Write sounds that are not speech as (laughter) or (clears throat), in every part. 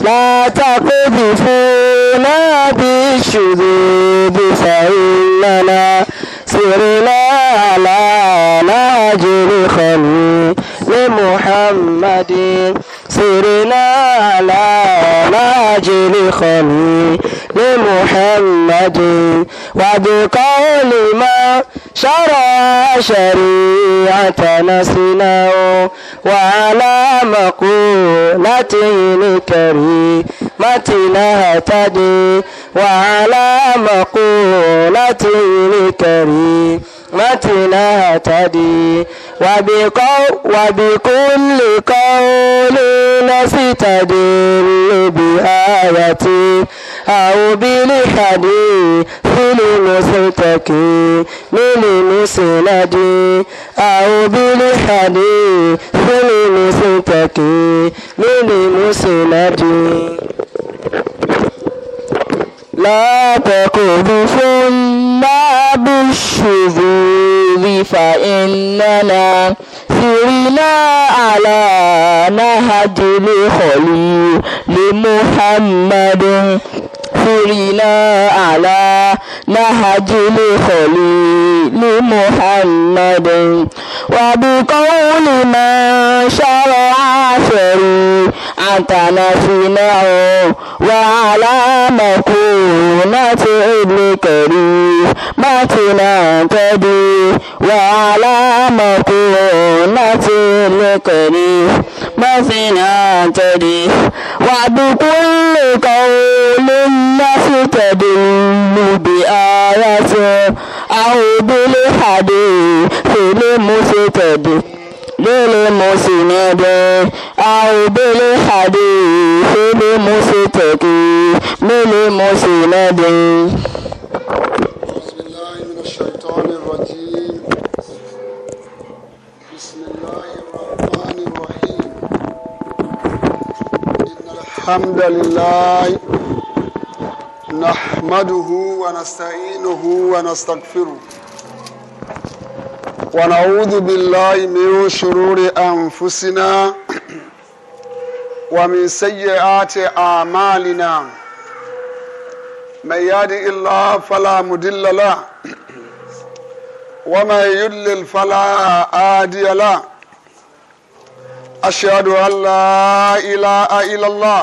لا تقذفونا بالشذوذ فإننا سرنا على نهج خليل محمد سرنا على نهج خليل محمد وبقول ما شرع شريعة نسناه وعلى مقولته الكريمة نهتدي وعلى مقولته الكريمة نهتدي وبكل قول نستدل بآيتي àwòbílíkàdé fílímùsìtàkì mílímùsìládé àwòbílíkàdé fílímùsìtàkì mílímùsìládé. látẹ̀kùn fún mábùsùlùmí fàìnnánà sirina سرنا على kholi li muhammadin سرنا على نهج الخليل محمد وبقول من شرع شريعتنا سنعه وعلى مكونة ابن كريم ما تنعتدي وعلى مكونة ابن كريم ما تنعتدي وبكل قول نستدل بآية أو بالحديث المستدل للمسند أو بالحديث المستقيم للمسند الحمد لله نحمده ونستعينه ونستغفره ونعوذ بالله من شرور أنفسنا (clears throat) ومن سيئات أعمالنا من يهد الله فلا مضل له (clears throat) ومن يضلل فلا هادي له أشهد أن لا إله إلا الله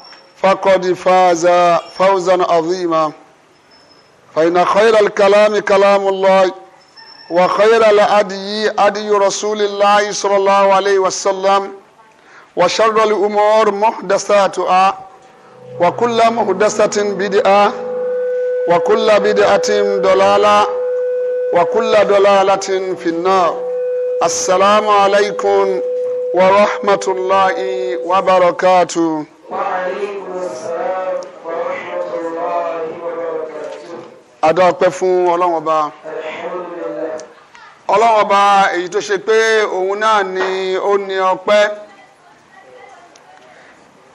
فقد فاز فوزا عظيما فإن خير الكلام كلام الله وخير الأدي أدي رسول الله صلى الله عليه وسلم وشر الأمور محدثاتها وكل محدثة بدعة وكل بدعة ضلالة وكل ضلالة في النار السلام عليكم ورحمة الله وبركاته وعليكم adọ́pẹ́ fún ọlọ́run ọba ọlọ́run ọba èyí tó ṣe pé òun náà ni ó ní ọpẹ́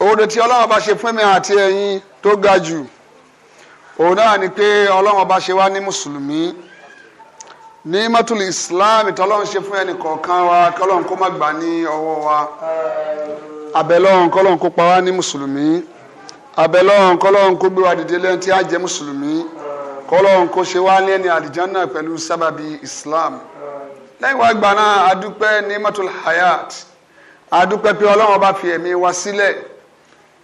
oore tí ọlọ́run ọba ṣe fún mi àti ẹ̀yin tó ga jù òun náà ni pé ọlọ́run ọba ṣe wá ní mùsùlùmí ní mọ́tòlù islam tọ́lọ́run ṣe fún ẹnì kọ̀ọ̀kan wa kọ́lọ́run kó má gbà ní ọwọ́ wa abẹ́lọ́run kọ́lọ́run kó pa wá ní mùsùlùmí abẹ́lọ́run kọ́lọ́run kó gbé wa dìde lẹ́yìn tí a jẹ́ mùsùlùmí. kọ́lọ́hún kó ṣe wá ní ẹni àlìjánná pẹ̀lú sábàbí Islam lẹ́yìn wá gbà náà ní hayat adúpẹ́ pé ọlọ́run bá fi ẹ̀mí wa sílẹ̀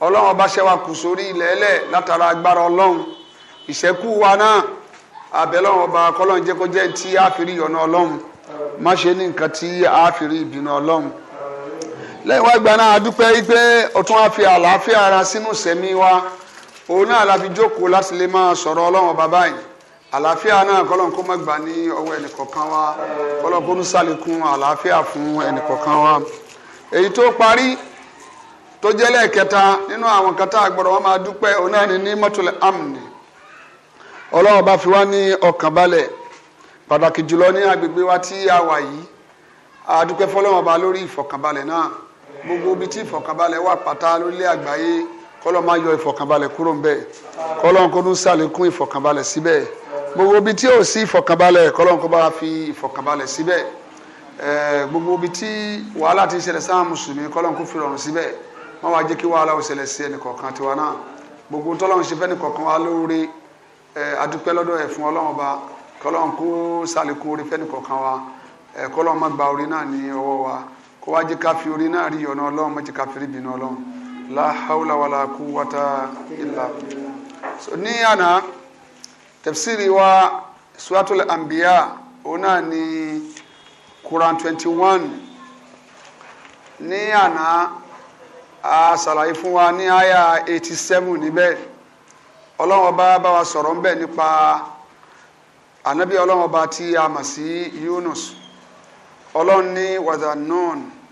ọlọ́run bá kù sórí ilẹ̀ẹ́lẹ̀ látara agbára ọlọ́run ọba jẹ́ kó jẹ́ tí a fi rí ọlọ́run má ṣe ní nǹkan tí a fi rí ìbínú ọlọ́run òun náà la fi jókòó láti lè máa sọ̀rọ̀ ọlọ́run bàbá yìí àlàáfíà náà kọ́lọ́n kó má gbà ní ọwọ́ ẹnìkọ̀ọ̀kan wa kọ́lọ́n kó ń sàlékún àlàáfíà fún kata àgbọ̀rọ̀ wọn máa dúpẹ́ òun náà ní mọ́tòlẹ̀ ọlọ́run bá fi wá ní ọkàn balẹ̀ pàtàkì jùlọ ní agbègbè wa tí a wà yìí àdúpẹ́ fọlọ́wọ́n lórí ìfọ̀kànbalẹ̀ náà gbogbo ibi tí ìfọ̀kànbalẹ̀ wà pátá lórílẹ̀ kọ́lọ́ máa yọ ìfọ̀kànbalẹ̀ kúrò ńbẹ̀ kọ́lọ́ kó tún ṣàlékún ìfọ̀kànbalẹ̀ síbẹ̀ gbogbo ibi tí ò sí ìfọ̀kànbalẹ̀ kọ́lọ́ kó bá fi ìfọ̀kànbalẹ̀ síbẹ̀ gbogbo ibi tí wàhálà ti ṣẹlẹ̀ sáà mùsùlùmí kọ́lọ́ kó fi rọrùn síbẹ̀ wọ́n wá jẹ́ kí wàhálà ò ṣẹlẹ̀ sí ẹnìkọ̀ọ̀kan tiwa náà gbogbo tọ́lọ́run ṣe fẹ́nìkọ̀ọ̀kan wa lóore adúpẹ́ lọ́dọ̀ ẹ̀ fún ọlọ́run ọba kọ́lọ́run kó ṣàlékún orí fẹ́nìkọ̀ọ̀kan wa kọ́lọ́run má gba orí náà ní ọwọ́ wa kó wá jẹ́ ká orí náà rí ọ̀nà ọlọ́run má jẹ́ ká rí ìbínú ọlọ́run la hawla wala quwwata illa so ni ana tafsiri wa suratul anbiya òun náà ní quran twenty one ní àná a ṣàlàyé fún wa ní àyà eighty seven níbẹ̀ ọlọ́run ọba bá wa sọ̀rọ̀ ńbẹ̀ nípa ànábì ọlọ́run ọba tí a mọ̀ sí Yunus ọlọ́run ní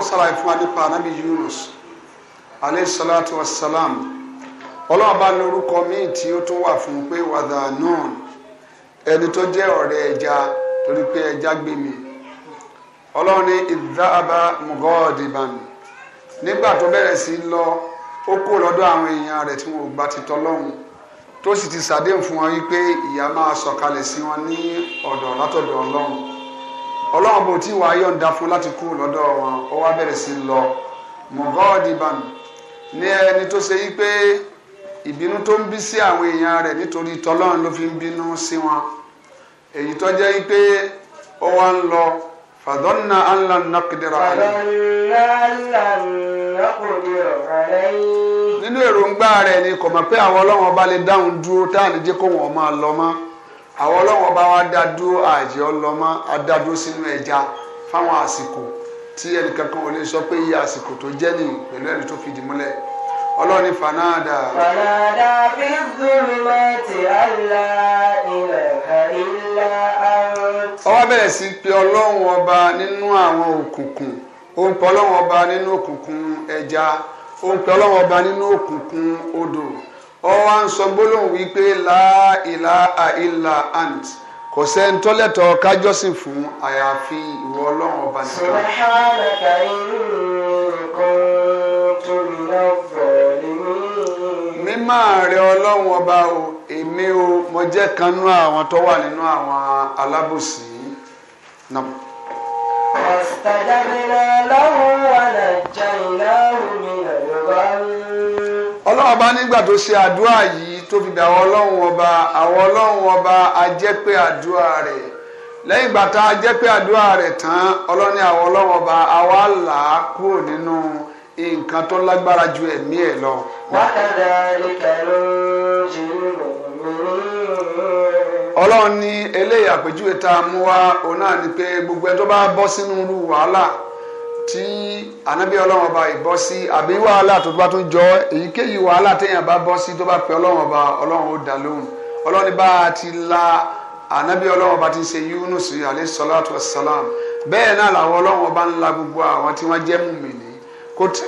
ó ṣàlàyé fún wa nípa anábì Yunus alayhi salatu wa salam ọlọ́run bá lórúkọ míì tí ó tún wà fún pé wàdà náà ẹni tó jẹ́ ọ̀rẹ́ ẹja torí pé ẹja gbé mi ọlọ́run ní ìdáàbà mugọ́ọ̀dìbàn nígbà tó bẹ̀rẹ̀ sí lọ ó kó lọ́dọ̀ àwọn èèyàn rẹ̀ tí wọn ò gba ti tọ́lọ́run tó sì ti ṣàdéhùn fún wọn wípé ìyà máa sọ̀kalẹ̀ sí wọn ní ọ̀dọ̀ látọ̀dọ̀ ọlọ́run ọlọ́run bò tí wàá yọ̀ǹda fún láti kú lọ́dọ̀ wọn ó wá bẹ̀rẹ̀ sí lọ mọ̀gọ́ọ̀dìbàn ní ẹni tó ṣe yí pé ìbínú tó ń bí sí àwọn èèyàn rẹ̀ nítorí tọ́lọ́run ló fi ń bínú sí wọn èyí tó jẹ́ yí pé ó wá ń lọ fàdọ́nà ànlá nàkìdìrà rẹ̀. nínú èròǹgbà rẹ̀ ni kò mọ̀ pé àwọn ọlọ́run ọba lè dáhùn dúró táà ní jẹ́ kó wọ́n máa lọ mọ́ àwọn ọlọ́wọ́n bá wa dá dúró àjẹ́ ọlọ́mọ adádúró sínú ẹja fáwọn àsìkò tí ẹnìkankan ò lè sọ pé iye àsìkò tó jẹ́ nìyí pẹ̀lú ẹ̀rí tó fìdí múlẹ̀ ọlọ́run ní fanáàdà. fanáàdà fi zulumati alla ilaha illa anta. ó wá bẹ̀rẹ̀ sí pé ọlọ́run ọba nínú àwọn òkùnkùn ó ń pè ọlọ́run ọba nínú òkùnkùn ẹja ó ń pè ọlọ́run ọba nínú òkùnkùn odò ọ wá ń sọ gbólóhùn wípé láìlá àìlà ant kò sẹ́ni kájọ́sìn fún àyàfi ìwọ ọlọ́run ọba nìkan. subhanaka in kuntu minadh-dhalimin. mímọ́ rẹ ọlọ́run ọba o èmi o mo jẹ́ kan nú àwọn tó wà nínú àwọn alábòsí náà. له ونجيناه من الغم ọlọ́run ọba nígbà tó ṣe àdúrà yìí tó fi dà àwọn ọlọ́run ọba àwọn ọlọ́run ọba a jẹ́ pé àdúrà rẹ̀ lẹ́yìn ìgbà tá a jẹ́ pé àdúrà rẹ̀ tán ọlọ́run ní àwọn ọlọ́run ọba àwa là á kúrò nínú nǹkan tó lágbára ju ẹ̀mí ẹ̀ lọ. wákàtí àríkà ọlọ́run ní eléyìí àpèjúwe tá mú wá òun náà ni pé gbogbo ẹ tó bá bọ́ sínú wàhálà tí ànábì ọlọ́run ọba ìbọ́ sí àbí wàhálà tó bá tún jọ èyíkéyìí wàhálà téèyàn bá bọ́ sí tó bá pe ọlọ́run ọba ọlọ́run ó dá lóhùn ọlọ́run bá a ti la ànábì ọlọ́run ọba ti ṣe Yunus alayhi salatu wassalam bẹ́ẹ̀ náà làwọn ọlọ́run ọba ń la gbogbo àwọn tí wọ́n jẹ́ mùmìnì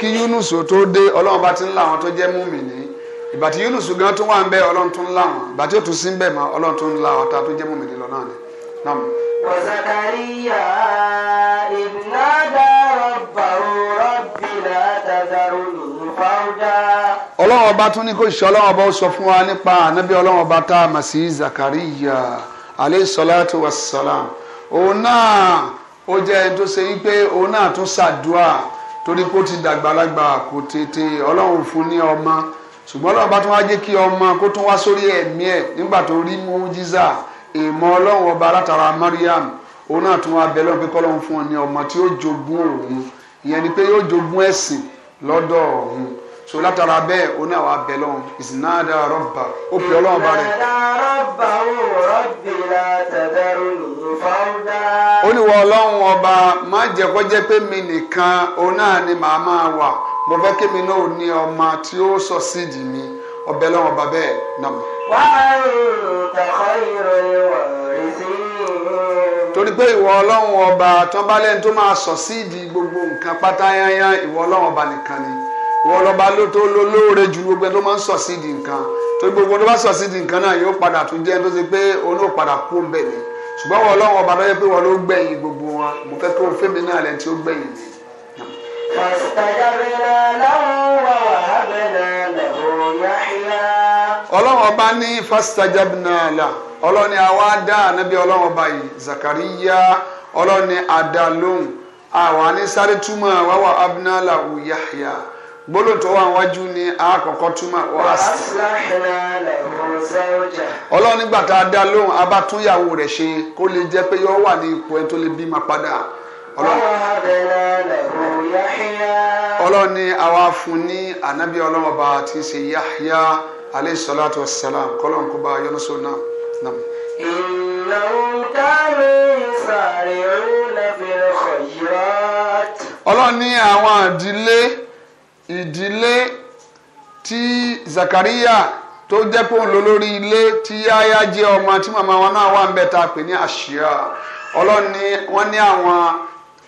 kí Yunus tó dé ọlọ́run ọba ti ń la àwọn tó jẹ́ mùmìnì ìgbà Yunus gan tó wà ń bẹ ọlọ́run ọba tún ní kó ṣe ọlọ́run ọba ó sọ fún wa nípa ànábì ọlọ́run ọba tá a mọ̀ sí Zakariya alayhi salatu wassalam òun náà ó jẹ́ ẹni tó ṣe wípé òun náà tún ṣàdúà torí pé ó ti dàgbàlagbà kò tètè ọlọ́run fún ní ọmọ ṣùgbọ́n ọlọ́run ọba tún wá jẹ́ kí ọmọ kó tún wá sórí ẹ̀mí ẹ̀ nígbà tó rí mú jíza ìmọ̀ ọlọ́run ọba látara Mariam òun náà tún wá bẹ lọ́n pé kọ́lọ́n fún ọ ní ọmọ tí ó jogún òun ìyẹn ni pé yóò jogún ẹ̀sìn lọ́dọ̀ òun so látara bẹ́ẹ̀ òun náà wá bẹ lọ́n ìsìnáàdà rọ́bà ó pè ọlọ́run bá rẹ̀. ìsìnáàdà rọ́bà ó rọ́bì la tẹ̀dẹ̀rù fáwọ́dà. ó ní wọ ọlọ́run ọba má jẹ́ jẹ́ pé mi nìkan òun náà ni màá máa wà mo fẹ́ kí mi náà ní ọmọ torí pé ìwọ ọlọ́run ọba tọ́balẹ̀ tó máa sọ síìdì gbogbo nǹkan pátá yányán ìwọ ọlọ́run ọba nìkan ni ìwọ ọlọ́ba ló tó lóore ju gbogbo ẹni tó máa ń sọ síìdì nǹkan torí gbogbo tó bá sọ síìdì nǹkan náà yóò padà tún jẹ́ tó ṣe pé òun ó padà kú ń bẹ̀ ni ṣùgbọ́n ìwọ ọlọ́run ọba lọ́yẹ́ pé wọ́n ló gbẹ̀yìn gbogbo wọn mo fẹ́ kó fẹ́mi náà lẹ́ni tí gbẹ̀yìn ni ọlọ́run ọba ní fastajabna la ọlọ́run ni àwa dá ànábì ọlọ́run ọba yìí Zakariya ọlọ́run ni àdá lóhùn àwa ní sáré túmọ̀ wáwà abnala wù Yahya gbólóhùn tó wà wájú ni àkọ́kọ́ túmọ̀ wá sí. ọlọ́run nígbà tá a dá lóhùn a bá tún ìyàwó rẹ̀ ṣe kó lè jẹ́ pé yọ wà ní ipò ẹ tó lè bímọ padà ọlọ́run ni àwa fún ní ànábì ọlọ́run ọba tí ń ṣe Yahya aleyhi salatu wa salam kọ́lọ́n kó bá a yọ́nú sọ náà nam. innahum kanu yusari'una fil khayrat. ọlọ́run ní àwọn ìdílé ìdílé tí Zakariya tó jẹ́ pé òun ló lórí ilé tí yáyá jẹ́ ọmọ tí màmá wọn náà wà ń bẹ̀ tá pè ní àṣìá ọlọ́run ní wọ́n ní àwọn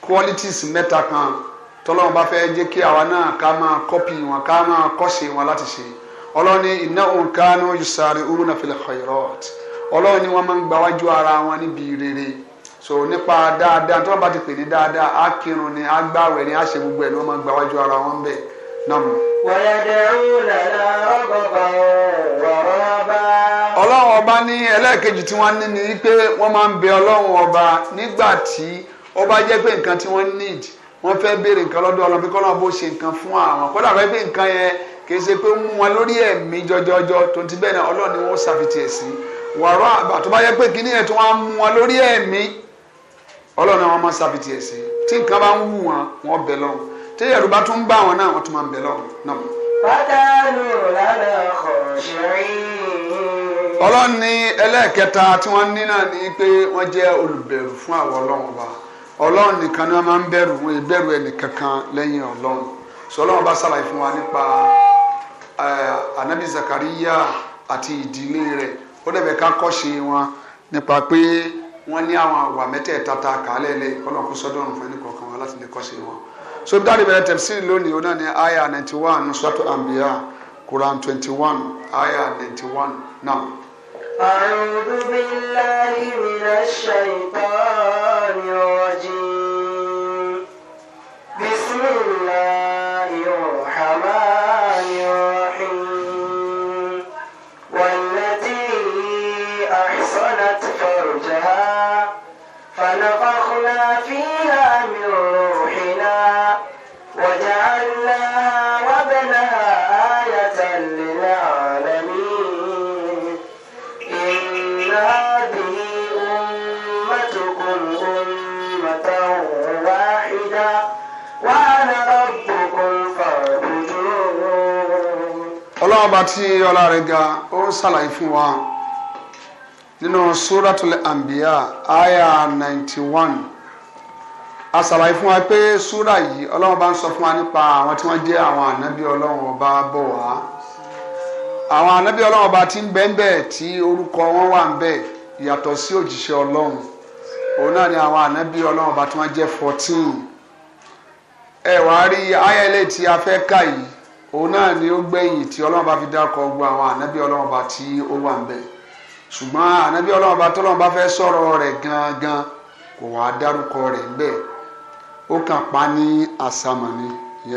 qualities mẹ́ta kan tọ́lọ́run bá fẹ́ jẹ́ kí àwa náà ká máa kọ́pì wọn ká máa kọ́ṣe wọn láti ṣe. ọlọ́run ní innahum kanu yusari'una fil khairat ọlọ́run ní wọ́n máa ń ara wọn níbi rere so nípa dáadáa tí wọ́n bá ti pè ní dáadáa á kírun ni á gbàwẹ̀ ni á ṣe gbogbo ẹ̀ ni wọ́n máa ń ara wọn bẹ́ẹ̀ náà. ọlọ́run ọba ní ẹlẹ́ẹ̀kejì tí wọ́n ni pé wọ́n máa ń kì í ṣe pé mú wọn lórí ẹ̀mí jọjọjọ tó ti bẹ́ẹ̀ náà ni wọ́n ẹ̀ sí wàrà tó bá yẹ pé kíní ẹ̀ tó wọ́n mú wọn lórí ẹ̀mí ni máa ṣàfitì ẹ̀ sí tí nǹkan bá ń wù wọn tí bá tún bá wọn náà wọ́n tún máa ń náà. ẹlẹ́ẹ̀kẹta tí wọ́n ní náà ni pé sọlọ́wọ́n bá ṣàlàyé fún wa nípa anabi Zakariya àti ìdílé rẹ̀ ó dẹ̀bẹ̀ ká kọ́ṣe wọn nípa pé wọ́n ní àwọn àwà mẹ́tẹ̀ẹ̀ta kàálẹ̀ lẹ̀ kọ́lọ́kú sọ́dọ̀rùn fún ẹnìkọ̀ọ̀kan wọn láti lè kọ́ṣe wọn. so bí bẹ̀rẹ̀ tẹ̀sí lónìí ó ní aya ninety one sọ́tò àmbíyá Quran twenty one aya ninety one now. أعوذ بالله من الشيطان الرجيم بسم الله حمام ọlọ́run ọba tí ọlá ga ó ń ṣàlàyé fún wa nínú suratul anbiya aya 91 a ṣàlàyé fún wa pé súrà yìí ọlọ́run bá ń fún wa nípa àwọn tí wọ́n jẹ́ àwọn ànábì ọlọ́run ọba bọ̀ wá àwọn ànábì ọlọ́run ọba ń ń tí orúkọ wọn wà ń yàtọ̀ sí ọlọ́run òun náà ni àwọn ànábì ọlọ́run ọba tí wọ́n òun náà ni ó gbẹ̀yìn tí ọlọ́run bá fi dákọ̀ gbogbo àwọn ànábì ọlọ́run bá tí ó wà ń ṣùgbọ́n ànábì ọlọ́run bá tọ́lọ́run bá fẹ́ sọ̀rọ̀ rẹ̀ gangan kò wá dárúkọ rẹ̀ ń ó ní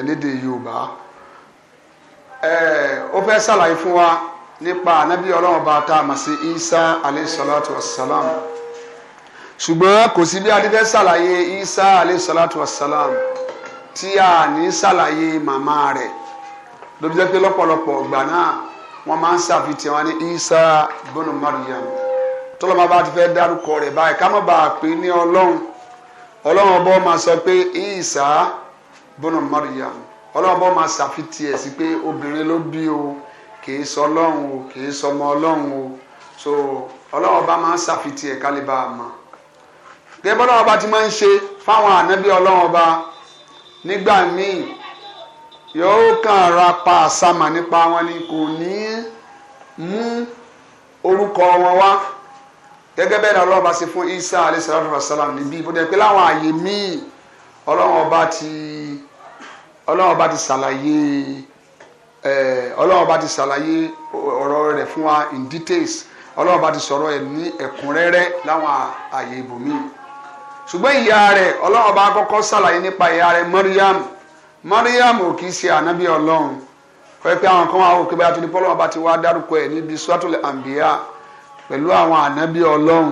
ìyẹn fún wa nípa ànábì ọlọ́run bá tá Isa wasalam. ṣùgbọ́n kò sí bí Isa wasalam tí a ní màmá lóbi jẹ́ pé lọ́pọ̀lọpọ̀ ọgbà náà wọ́n máa ń ṣàfihàn wọn ní Isa bọ́nù Mariam tọ́lọ́mọ bá ti fẹ́ dárúkọ rẹ̀ báyìí ká má bàa pè ní ọlọ́run ọlọ́run ọba máa sọ pé Isa bọ́nù Mariam ọlọ́run ọba máa ṣàfihàn ẹ̀ sí pé obìnrin ló bí o kìí sọ ọlọ́run o kìí sọ ọmọ ọlọ́run o so ọlọ́run ọba máa ń ṣàfihàn ẹ̀ kálíbà àmọ́ gẹ́gẹ́ bọ́lọ́run ọba ti máa ń ṣe fáwọn ànábì ọlọ́run ọba nígbà míì yóò kàn ra pa àsámà nípa wọn ni kò ní mú orúkọ wọn wá gẹ́gẹ́ bẹ́ẹ̀ ni ọlọ́run bá ṣe fún Isa alayhi salatu wa salam níbí bó dẹ̀ pé láwọn àyè míì ọlọ́run ọba ti ọlọ́run ọba ti ṣàlàyé ọlọ́run ọba ti ṣàlàyé ọrọ rẹ fún wa in details ọlọ́run ọba ti sọrọ ẹ̀ ní ẹ̀kúnrẹ́rẹ́ láwọn àyè ibòmíì ṣùgbọ́n ìyá rẹ̀ ọlọ́run ọba akọkọ ṣàlàyé nípa ìyá rẹ mariam. mariam ò kì í ṣe ànábì ọlọ́run kọ́ pé àwọn kan wà ó kébé àtúndì pọ́lọ́mọ bá ti wá dárúkọ ẹ̀ níbi suratul anbiya pẹ̀lú àwọn ànábì ọlọ́run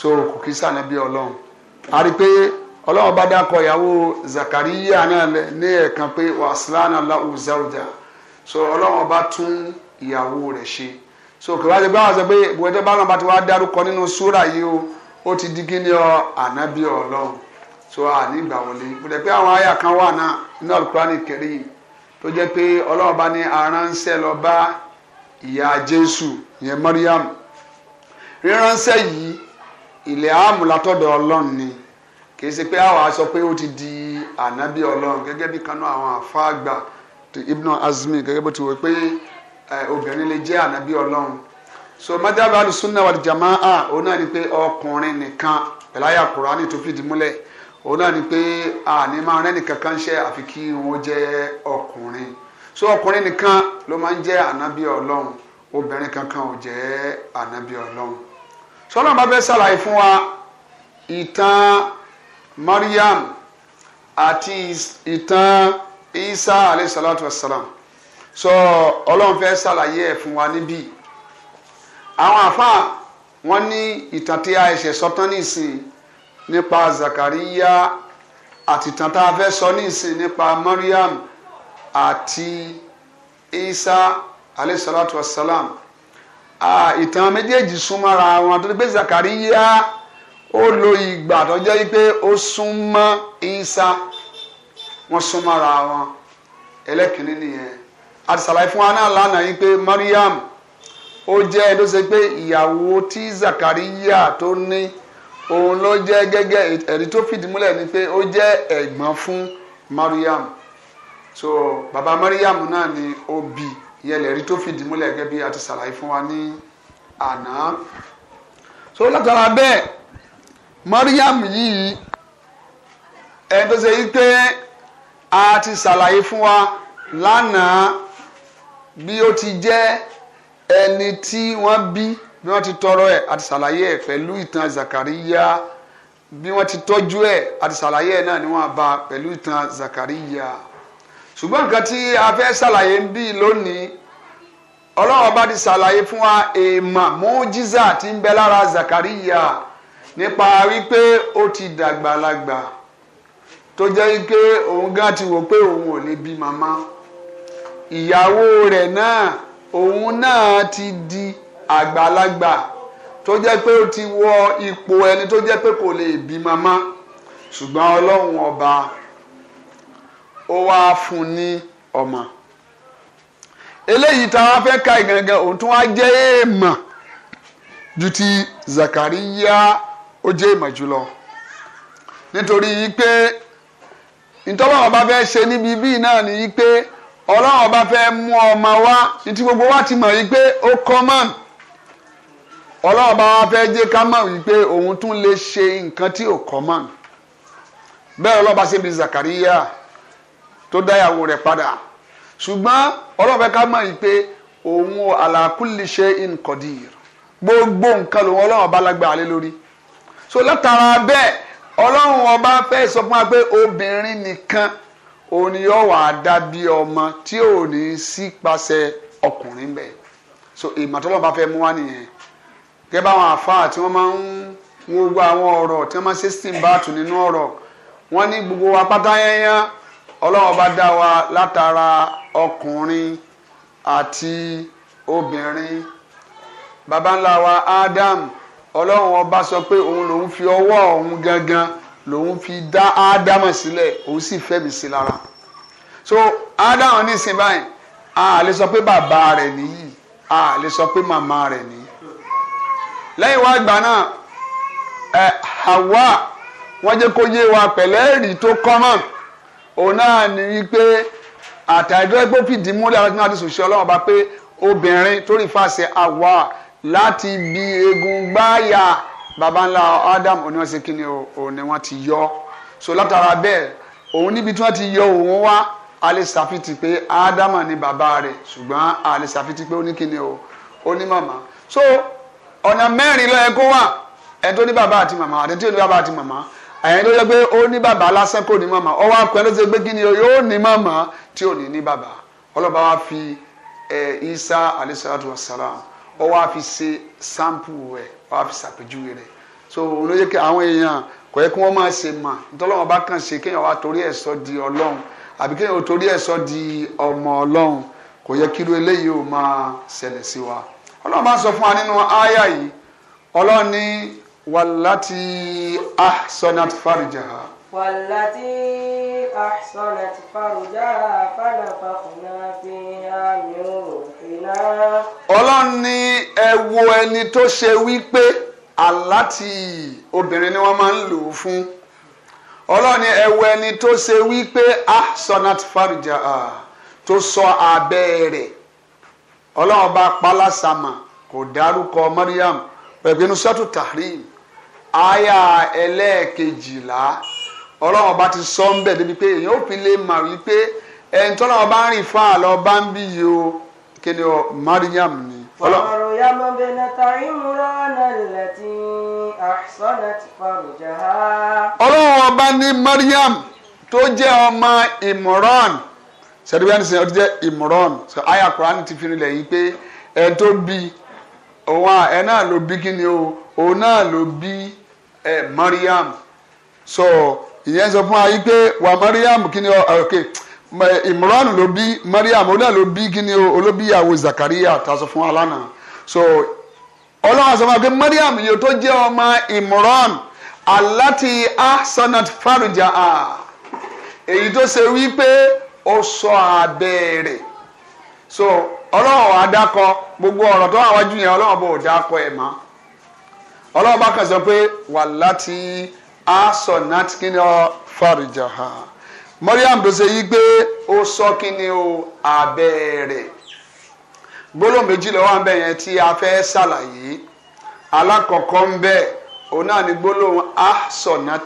so kò kì í ṣe ànábì ọlọ́run a rí i pé ọlọ́run bá dákọ̀ ìyàwó zakariya náà ní ẹ̀ẹ̀kan pé wàsílánà láwù so ọlọ́run bá tún ìyàwó rẹ̀ ṣe so kò wá ṣe pé àwọn sọ pé ìbùwẹ́tẹ́ bá lọ́n bá ti wá dárúkọ nínú so àní ìgbà wọlé kò dẹ̀ pé àwọn àyà kan wà náà nínú alukurani kẹrin tó jẹ́ pé ọlọ́run bá ní aránṣẹ́ lọ bá ìyá jésù yẹn mariam ríránṣẹ́ yìí ilẹ̀ àmù látọ̀dọ̀ ọlọ́run ni kì í ṣe pé àwa sọ pé ó ti di ànábì ọlọ́run gẹ́gẹ́ bí kanú àwọn àfáàgbà ibn azmi gẹ́gẹ́ bó ti wọ pé obìnrin lè jẹ́ ànábì ọlọ́run so madhab alusunna wal jamaa òun náà ni pé ọkùnrin nìkan pẹ̀láyà kùránì tó fìdí múlẹ̀ òun náà ni pé àní máa rẹ́ni kankan ṣe àfi kí wọ́n jẹ́ ọkùnrin so ọkùnrin nìkan ló máa ń jẹ́ ànábì ọlọ́run obìnrin kankan ò jẹ́ ànábì ọlọ́run sọlọ́run bá fẹ́ ṣàlàyé fún wa ìtàn Maryam àti ìtàn Isa alayhi salatu wassalam so ọlọ́run fẹ́ ṣàlàyé ẹ̀ fún wa níbí àwọn àfáà wọ́n ní ìtàn tí a ẹ̀ṣẹ̀ sọ nísìnyí nípa Zakariya àtìtàn tá a fẹ́ sọ nísìn nípa Mariam àti Isa aleyhisalatu wasalam ìtàn méjèèjì súnmọ́ra wọn tó ti pé Zakariya ó lo ìgbà tó jẹ́ wípé ó súnmọ́ Isa wọ́n súnmọ́ra wọn ẹlẹ́kìnní nìyẹn àti ṣàlàyé fún wa náà lánàá yìí pé Mariam ó jẹ́ ẹni tó ṣe pé ìyàwó tí Zakariya tó ní òun ló jẹ́ gẹ́gẹ́ ẹ̀rí tó fìdí múlẹ̀ ni pé ó jẹ́ ẹ̀gbọ́n fún Mariam so baba Mariam náà ni ó bí yẹlẹ̀ ẹ̀rí tó fìdí múlẹ̀ gẹ́gẹ́ bí a ti ṣàlàyé fún wa ní àná so látara bẹ́ẹ̀ Mariam yìí ẹni tó ṣe yí pé a ti ṣàlàyé fún wa lánàá bí ó ti jẹ́ ẹni tí wọ́n bí bí wọ́n ti tọrọ ẹ̀ àti ṣàlàyé ẹ̀ pẹ̀lú ìtàn Zakariya bí wọ́n ti tọ́jú ẹ̀ àti ṣàlàyé ẹ̀ náà ni wọ́n bá pẹ̀lú ìtàn Zakariya ṣùgbọ́n nǹkan tí a fẹ́ ṣàlàyé ń bí lónìí ọlọ́run ọba ti ṣàlàyé fún wa èèmà mọ́jísà tí ń bẹ lára Zakariya nípa wípé ó ti dàgbàlagbà tó jẹ́ wípé òun gan ti wò pé òun ò lè bí màmá ìyàwó rẹ̀ náà òun náà ti di àgbàlagbà tó jẹ́ pé ó ti wọ ipò ẹni tó jẹ́ pé kò lè bí mama ṣùgbọ́n ọlọ́run ọba ó wá fún ní ọmọ eléyìí táwọn fẹ́ ka ìgangan òun tún wá jẹ́ èèmọ̀ ju ti Zakariya ó jẹ́ èèmọ̀ jùlọ nítorí pé ntọ́lọ́wọ́ bá fẹ́ ṣe níbi bíi náà ni pé ọlọ́wọ́ bá fẹ́ mú ọmọ wá ní ti gbogbo wa ti mọ̀ yìí pé ó common ọlọ́run bá wá fẹ́ jẹ́ ká mọ̀ wípé òun tún lè ṣe nǹkan tí ò kọ́ mọ̀ bẹ́ẹ̀ ọlọ́run bá ṣe bí Zakariya tó dáyàwó rẹ̀ padà ṣùgbọ́n ọlọ́run fẹ́ ká mọ̀ wípé òun ala kulli shay'in gbogbo nǹkan lòun ọlọ́run ọba lágbára lé lórí so látara bẹ́ẹ̀ ọlọ́run ọba fẹ́ sọ fún wa pé obìnrin nìkan òun ni yóò wà á dábí ọmọ tí ò ní sí ọkùnrin bẹ́ẹ̀ so ìmọ̀tọ́lọ́ba fẹ́ mú wá nìyẹn gẹ́gẹ́ báwọn àfáà tí wọ́n máa ń wo gbogbo àwọn ọ̀rọ̀ tí wọ́n máa ṣe steam bath nínú ọ̀rọ̀ wọ́n ní gbogbo wa pátá yẹnyẹn ọlọ́run bá dá wa látara ọkùnrin àti obìnrin baba ńlá wa Adam ọlọ́run ọba sọ pé òun lòun fi ọwọ́ òun gangan lòun fi dá Ádámù sílẹ̀ òun sì fẹ́mi sí lára so Ádámù nísìnyí báyìí a lè sọ pé bàbá rẹ̀ nìyí a lè sọ pé màmá rẹ̀ nìyí lẹ́yìn wá gbà náà ẹ Hawa wọ́n jẹ́ kó yé wa pẹ̀lẹ́rì tó kọ́mọ̀ òun náà ní wípé àtàdúrẹ́gbó fìdí múlẹ̀ àwọn tí ti sùn ṣe ọlọ́run ọba pé obìnrin tó rí fàṣẹ Hawa láti bi egun gbáàyà baba Adam òní wọ́n ṣe ni wọ́n ti yọ so látara bẹ́ẹ̀ òun níbi tí wọ́n ti yọ òun wá alẹ́sàfitì pé Ádámà ni bàbá rẹ̀ ṣùgbọ́n alẹ́sàfitì pé ó ní kíni o so ọ̀nà mẹ́rin ló yẹ kó wà ẹni tó ní bàbá àti màmá àti tí ò ní bàbá àti màmá ẹni tó yẹ pé ó ní bàbá lásán kò ní màmá ọwọ́ akọ ẹni tó ṣe pé kí ni yóò ní màmá tí ò ní ní bàbá ọlọ́ba wa fi Isa alayhi salatu wassalam ó wá fi ṣe sample rẹ ó wá fi ṣàpèjúwe rẹ so olóye kí àwọn èèyàn kò yẹ kí wọn máa ṣe mà ntọ́lọ́wọ́n bá kàn ṣe kéèyàn wá torí ẹ̀ sọ di ọlọ́run àbí kéèyàn torí ẹ̀ di ọmọ ọlọ́run kò yẹ kí irú eléyìí ó máa ṣẹlẹ̀ sí wa ọlọ́run bá sọ fún wa nínú àyà yìí ọlọ́run ní wàlátì ahsanat farijaha. wàlátì ahsanat farijaha fanafakhna fiha min ruhina. ọlọ́run ní ẹ wo ẹni tó ṣe wípé àlátì obìnrin ni wọ́n máa ń lò ó fún ọlọ́ni ẹ̀wọ̀ ẹni tó ṣe wípé ahsanat farijaha tó sọ abẹ́ rẹ̀ ọlọ́run bá pálásàmà kò dárúkọ Mariam pẹ̀lú sọ́tù tahrim aya ẹlẹ́ẹ̀kejìlá ọlọ́run bá ti sọ ń bẹ̀ débi pé èèyàn ó fi lè mà wípé ẹni tọ́lọ́run bá ń rìn fáà lọ bá ń bí yìí o kí ọ Mariam ni. ومريم ابنة عمران التي أحصنت فرجها. ọlọ́run ọba ní Mariam tó jẹ́ ọmọ Imran sẹ́dí bẹ́ẹ̀ ni sẹ́yìn ọtí jẹ́ Imran so aya Quran ti fi rinlẹ̀ yìí pé ẹ tó bí òun à ẹ náà ló bí kíni o òun náà ló bí ẹ Mariam so ìyẹn sọ fún wa yìí pé wà Mariam kíni ọ ok Imran ló bí Mariam òun náà ló bí kíni o olóbíyàwó Zakaria ta sọ fún wa lánàá so ọlọ́run sọ fún wa pé Mariam yìí tó jẹ́ ọmọ Imran aláti ahsanat faruja èyí tó ṣe wípé. ó sọ abẹ́ rẹ̀ so ọlọ́run adakọ gbogbo ọrọ tó àwọn ajú yẹn ọlọ́run bò dákọ ẹ̀ mọ́ ọlọ́run bá kàn sọ pé wà láti aṣọ náà kí ni ọ fàrìjà ha Mariam tó ṣe yí pé ó sọ kí ni o abẹ́ rẹ̀ gbólóhùn méjì lọ́wọ́ ń yẹn tí a ṣàlàyé ń òun náà ni aṣọ náà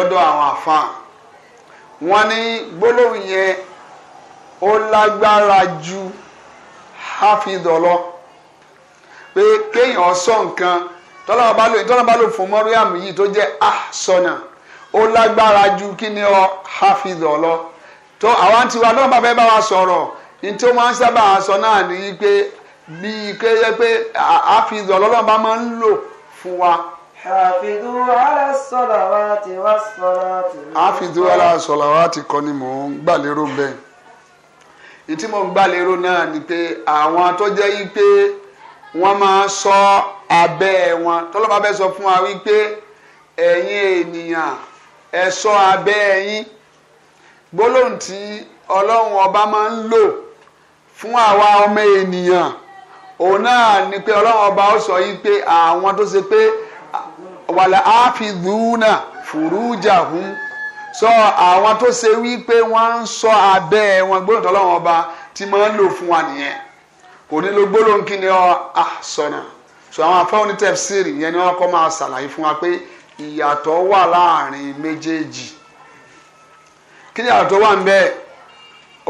àwọn àfáà wọ́n ní gbólóhùn yẹn ó lágbára ju hafidọ lọ pé kéèyàn sọ nǹkan tọ́lá bá lò tọ́lá bá lò fún Mariam yìí tó jẹ́ ahsana ó lágbára ju kí ni ọ hafidọ lọ tó àwọn tiwa náà bá fẹ́ bá wa sọ̀rọ̀ ní tí ó máa ń sábà sọ náà nìyí pé bíi kéye pé àfihàn ọlọ́run bá máa ń lò fún wa àfidú ala salawati wa salati. àfidú ala salawati kọ́ ni mò ń gbàlérò bẹ́ẹ̀ ìtí mò ń gbàlérò náà ni pé àwọn tó jẹ́ yí pé wọ́n máa sọ abẹ́ wọn tọ́lọ́mọ abẹ́ sọ fún wa wípé ẹ̀yin ènìyàn ẹ ṣọ́ abẹ́ yín gbólóhùn tí ọlọ́run ọba máa ń lò fún àwa ọmọ ènìyàn òun náà ni pé ọlọ́run ọba ó sọ yí pé àwọn tó ṣe pé. wàlẹ̀ àfìdúnà fùrújàhùn àwọn tó ṣe wípé wọn ń sọ abẹ wọn gbọ́dọ̀ ọba tí máa ń lò fún wa nìyẹn kò ní lo gbólóhùn kí ni ọ ah, so sọ àwọn afẹ́wọ́n ní tẹ̀síìrì yẹn ni wọ́n kọ́ máa fún wa pé ìyàtọ̀ wà láàrin méjèèjì kí ni wà ń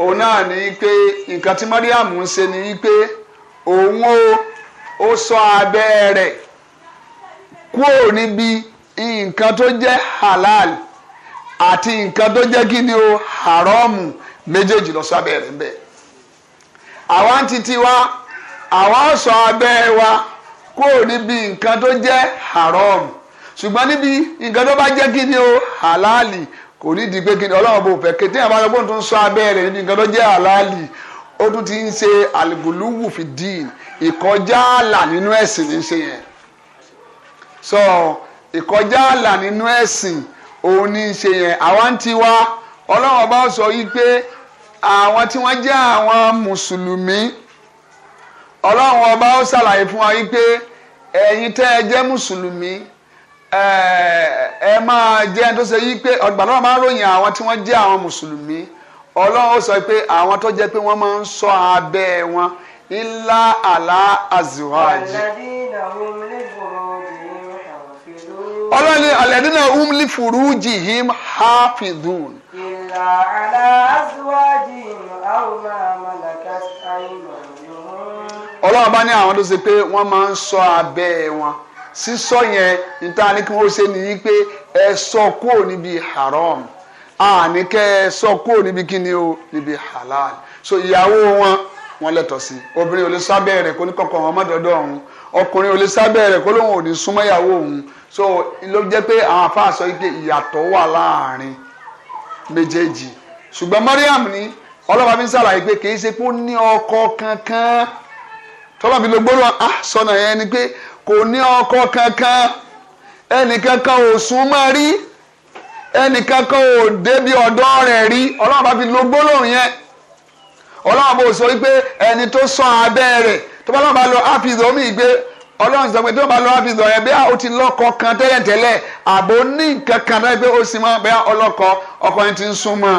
òun náà ní pé nǹkan tí Mariam ń kúrò níbi nǹkan tó jẹ́ halal àti nǹkan tó jẹ́ kí ni o haramu méjèèjì lọ sábẹ́ rẹ̀ ń bẹ̀. àwa titi wa àwa ń sọ abẹ́ wa kúrò níbi nǹkan tó jẹ́ haramu ṣùgbọ́n níbi nǹkan tó bá jẹ́ kí ni o halali kò ní di pé kí ni ọlọ́run bò fẹ́ kété àwọn arọ́gbọ́n tó ń sọ abẹ́ rẹ̀ níbi nǹkan tó jẹ́ halali ó tún ti ń ṣe àlùgùlùwù fi dín ìkọjá àlà nínú ẹ̀sìn ní ṣe yẹn so ìkọjá àlà nínú ẹ̀sìn òun ní í ṣe yẹn àwa ń tiwa ọlọ́run ọba sọ yìí pé àwọn tí wọ́n jẹ́ àwọn mùsùlùmí ọlọ́run ọba ó ṣàlàyé fún wa wípé ẹ̀yin tẹ́ ẹ jẹ́ mùsùlùmí ẹ máa jẹ́ ẹni tó ṣe wípé ọgbà náà máa ròyìn àwọn tí wọ́n jẹ́ àwọn mùsùlùmí ọlọ́run ó sọ pé àwọn tó jẹ́ pé wọ́n máa ń ṣọ́ abẹ́ wọn ńlá àlá àzìwájì. ọ̀làdí ìdààmú mi ní ọlọ́run ní alẹ́dínà umli him hafidun. ìlà àlà ala àwọn malakat aymanuhum. ọlọ́run bá ní àwọn tó ṣe pé wọ́n máa ń abẹ́ wọn sísọ yẹn ni kí wọ́n ṣe nìyí pé ẹ ṣọ́ kúrò níbi haram àní ẹ ṣọ́ kúrò níbi kíni o níbi halal so ìyàwó wọn wọn lẹ́tọ̀ọ́ sí obìnrin ò lè sábẹ́ rẹ̀ kó ní kọ̀kọ̀ wọn ọ̀hún ọkùnrin ò lè sábẹ́ rẹ̀ kó lóun ò ní so ló jẹ́ pé àwọn àfáà sọ pé ìyàtọ̀ wà láàrin méjèèjì ṣùgbọ́n Mariam ni ọlọ́wà fi ń ṣàlàyé pé kì í ṣe pé ó ní ọkọ kankan tọ́lá fi lè gbọ́dọ̀ á sọnà yẹn ni pé kò ní ọkọ kankan ẹnìkankan ò sún mọ́ rí ẹnìkankan ò débi ọ̀dọ́ rẹ̀ rí ọlọ́wà fi lè gbọ́dọ̀ yẹn ọlọ́wà bò sọ wípé ẹni tó sọ abẹ́ rẹ̀ tọ́lá bá lọ áfíìsì omi ìgbé ọlọ́run sọ pé tí wọ́n bá lọ wá fi dọ̀ yẹn bí ó ti lọ́kọ kan tẹ́lẹ̀tẹ́lẹ̀ àbò ní nǹkan kan náà pé ó sì mọ́ bẹ́ẹ̀ ọlọ́kọ ọkọ yẹn ti ń súnmọ́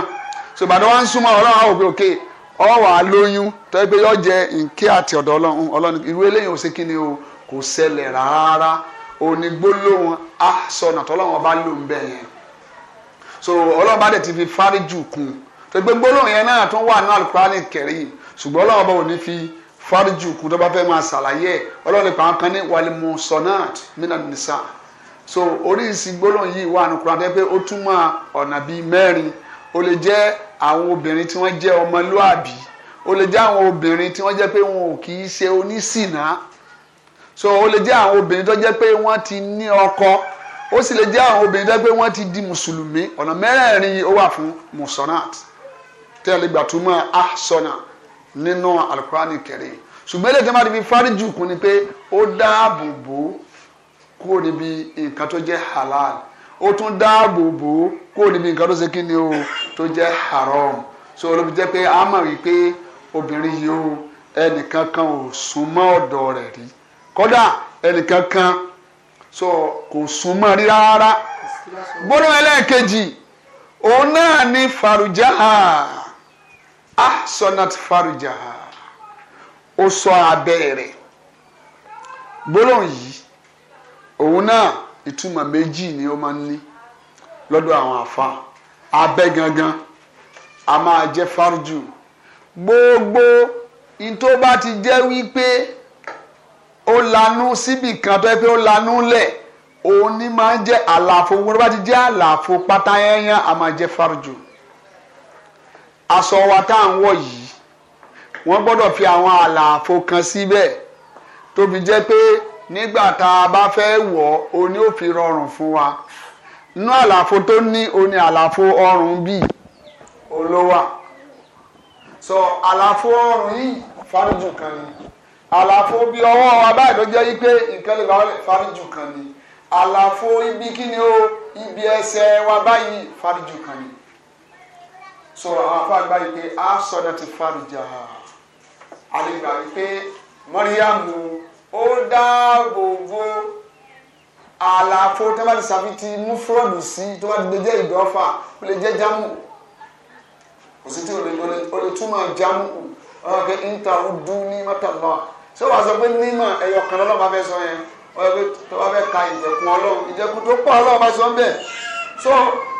ṣùgbọ́n wọ́n ń súnmọ́ ọlọ́run àwọn òkè òkè ọwà lóyún tọ́jú pé yọ jẹ nkẹ́ àti ọ̀dọ̀ ọlọ́run ọlọ́run irú eléyìí ò sí kí ni o kò ṣẹlẹ̀ rárá òní gbólóhùn àsọnà tọ́lọ́run ọba ló ń bẹ̀ so ọlọ́run bá dẹ̀ ti fi fáríjù kù tọ́jú pé gbólóhùn yẹn náà tó wà ní Al-Qur'an Al-Karim ṣùgbọ́n fáríjù kù tó bá fẹ́ máa ṣàlàyé ẹ̀ ọlọ́run pa kan ní walimusonat mina nisa so oríṣi gbólóhùn yìí wà ní kuran pé ó túmọ̀ ọ̀nà bíi mẹ́rin ó lè jẹ́ àwọn obìnrin tí wọ́n jẹ́ ọmọlúàbí ó lè jẹ́ àwọn obìnrin tí wọ́n jẹ́ pé wọn ò kì í ṣe oníṣìnà so ó lè jẹ́ àwọn obìnrin tó jẹ́ pé wọ́n ti ní ọkọ ó sì lè jẹ́ àwọn obìnrin tó jẹ́ pé wọ́n ti di mùsùlùmí ọ̀nà mẹ́rẹ̀ẹ̀rin ó wà fún musonat tẹ́lẹ̀ gbàtúmọ̀ ahsonat nínú alukurani kẹrin ṣùgbọ́n eléyìí tó máa fi fáríjù kún ni pé ó dáàbò bò kúrò níbi nǹkan tó jẹ́ halal ó tún dáàbò bò kúrò níbi nǹkan tó ṣe kí ni o tó jẹ́ haram so olóbi jẹ́ pé a mọ̀ wípé obìnrin yìí o ẹnìkan kan ò súnmọ́ ọ̀dọ̀ rẹ̀ rí kódà ẹnìkan kan so kò súnmọ́ rí rárá gbọ́dọ̀ ẹlẹ́ẹ̀kejì òun náà ní farujaha ahsanat farijaha ó sọ abẹ́ rẹ̀ gbólóhùn yìí òun náà ìtumọ̀ méjì ni ó máa ń ní lọ́dọ̀ àwọn àfa abẹ́ gangan a máa jẹ́ fárújù gbogbo ní tó bá ti jẹ́ wípé ó lanú síbì kan tó yẹ pé ó lanú lẹ̀ òun ni máa ń jẹ́ àlàfo wọn bá ti jẹ́ àlàfo pátá yẹn yẹn a máa jẹ́ fárújù aṣọ wa tá à ń wọ̀ yìí wọ́n gbọ́dọ̀ fi àwọn àlàfo kan síbẹ̀ tó fi jẹ́ pé nígbà tá a bá fẹ́ wọ̀ ọ́ o ní fi rọrùn fún wa inú àlàfo tó ní o àlàfo ọrùn bíi olówà so àlàfo ọrùn yìí fáríjù kan ni àlàfo bí ọwọ́ wa báyìí ló jẹ́ wípé nǹkan lè bá fáríjù kan ni àlàfo ibi kí ni o ibi ẹsẹ̀ wa báyìí fáríjù kan ni so àwọn afọ àgbà yìí pé a sọ náà ti fàrìjà àlegbà yìí pé mọ́ríyàmù ó dáàbò bo àlàfo tó bá ti sàfitì mú fúrọ́ọ̀dù sí tó bá ti lè jẹ́ ìdọ́fà ó lè jẹ́ jámù kò sí tí o lè túmọ̀ jámù ọ̀rọ̀ pé níta ó dún ní mọ́tàlá ṣé wàá sọ pé nímọ̀ ẹ̀yọ̀ kan lọ́lọ́ bá fẹ́ sọ yẹn ọ̀rọ̀ pé tó bá fẹ́ ka ìjẹ̀kùn ọlọ́run ìjẹ̀kùn tó pọ̀ ọlọ́run bá sọ bẹ́ẹ̀ so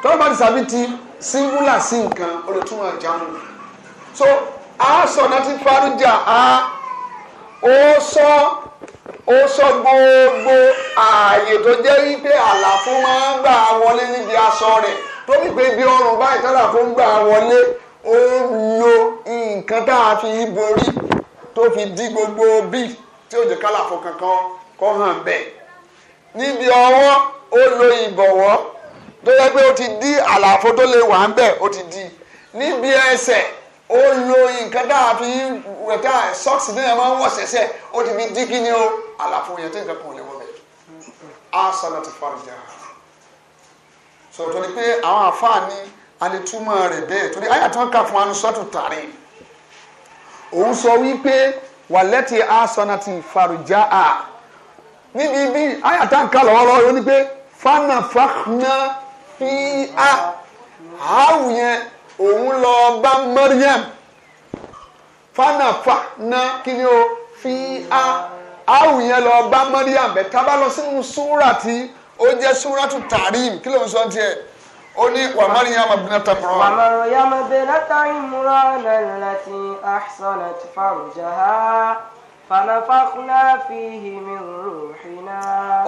tó bá ti sàfitì singular sí nǹkan ó lè túmọ̀ jámù so aṣọ náà ti fáríjà á ó sọ ó sọ gbogbo ààyè tó jẹ́ wípé àlàfo máa ń gbà wọlé níbi aṣọ rẹ̀ tó wípé ibi ọrùn báyìí tálàfo ń gbà wọlé ó lo nǹkan tá a fi borí tó fi dí gbogbo bíi tí ó jẹ́ kálàfo kankan kọ́ hàn bẹ́ẹ̀ níbi ọwọ́ ó lo ìbọ̀wọ́ tó pé ti di àlàfo tó lè wà ń bẹ̀ ti di níbi ẹsẹ̀ o lo nǹkan tá a fi wẹ̀ká sọ́ọ̀sì náà máa ń wọ̀ sẹ́sẹ̀ o ti fi dí kí ni o àlàfo yẹn tó nǹkan kan ò lè wọ̀ bẹ̀ sọ̀rọ̀ ti fọ́ọ̀rọ̀ jà ni pé àwọn àfáàní alitúmọ̀ rẹ̀ bẹ́ẹ̀ torí àyà tí wọ́n kà fún anusọ́tù òun a níbi bí àyà tá n kà lọ́wọ́lọ́wọ́ yóò ní pé fi a hàwù yẹn òun lọ bá Mariam fanafa ná kí ni o fi a hàwù yẹn lọ bá Mariam bẹ́ẹ̀ tá a lọ sínú súrà tí ó jẹ́ súrátù tààrìm kí ló ń sọ tiẹ̀ ó ní wà Maryam binata Imran. wà Maryam binata Imran allati ahsanat farjaha fanafakhna fihi min ruhina.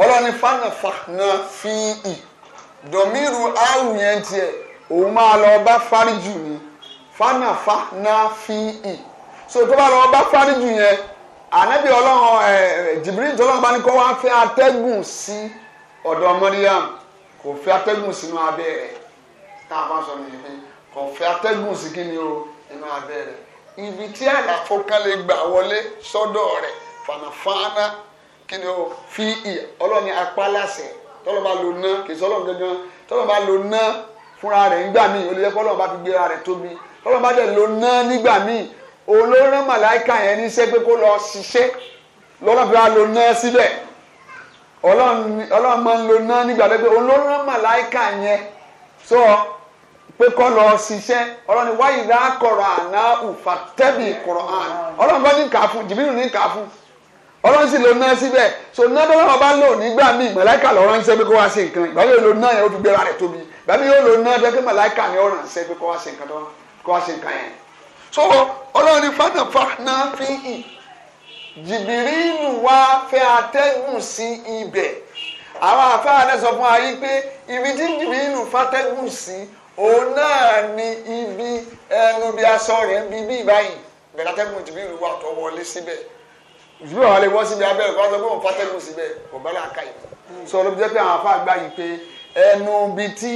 ọlọ́ni fanafakhna fihi. domiru awunye nti ɛ ouma alɔ ɔba fariju ni fa na fa na fi i so tó ba lɔ ɔba fariju yɛ anabi ɔlɔŋɔ ɛ jibiri jɔlɔba ni kɔ wa fi atɛgun si ɔdɔ mariam kò fi atɛgun si nu abɛ rɛ tá a ba sɔ ni ibi kò fi atɛgun si kini o inu abɛ rɛ ibi tí a la fo kálí gba wɔlé sɔdɔ fana fa na kini o fi i ɔlɔni akpalasɛ. tọ́lọ́ bá lo ná kì í sọ́lọ́ gangan tọ́lọ́ bá lo ná fúnra rẹ̀ nígbà míì ó lè jẹ́ pọ́lọ́ bá fi gbéra rẹ̀ tóbi tọ́lọ́ bá dẹ̀ lo ná nígbà míì òun ló rán màláìka yẹn níṣẹ́ pé kó lọ ṣiṣẹ́ lọ́lọ́ fi wá lo ná síbẹ̀ ọlọ́run máa ń lo ná nígbà tó pé òun ló rán màláìka yẹn sọ pé kọ́ lọ ṣiṣẹ́ ọlọ́run wáyé dá àná ùfà tẹ́bì kọ̀rọ̀ àná ọlọ́run bá ní kàá fún jìbìrì ní kàá fún ọlọ́run sì ló ná síbẹ̀ so ná tó lọ́wọ́ bá lò nígbà míì màláìka lọ́wọ́ ń sẹ́ pé kó wá sí nǹkan ìgbà yóò lò ná yẹn ó fi gbéra rẹ̀ tóbi ìgbà míì yóò lò ná tó pé màláìka yẹn ó ràn sẹ́ pé kó wá sí nǹkan tó kó wá sí yẹn. so ọlọ́run ní fata fana fi hì jìbìrínù wá fẹ́ atẹ́gùn sí ibẹ̀ àwọn àfáà náà sọ fún wa yí pé ibi tí jìbìrínù fatẹ́gùn sí òun náà ni ibi ẹnu bí aṣọ rẹ̀ bíbí báyìí bẹ̀rẹ̀ atẹ́gùn jìbìrínù wà tó wọlé síbẹ̀ ìdúró àwọn alẹ́ wọ́n síbi abẹ́rẹ́ kọ́ sọ pé òun fàtẹ́gùn síbẹ̀ kò bá láàka yìí sọ ló jẹ́ pé àwọn afá gbá yìí pé ẹnu ibi tí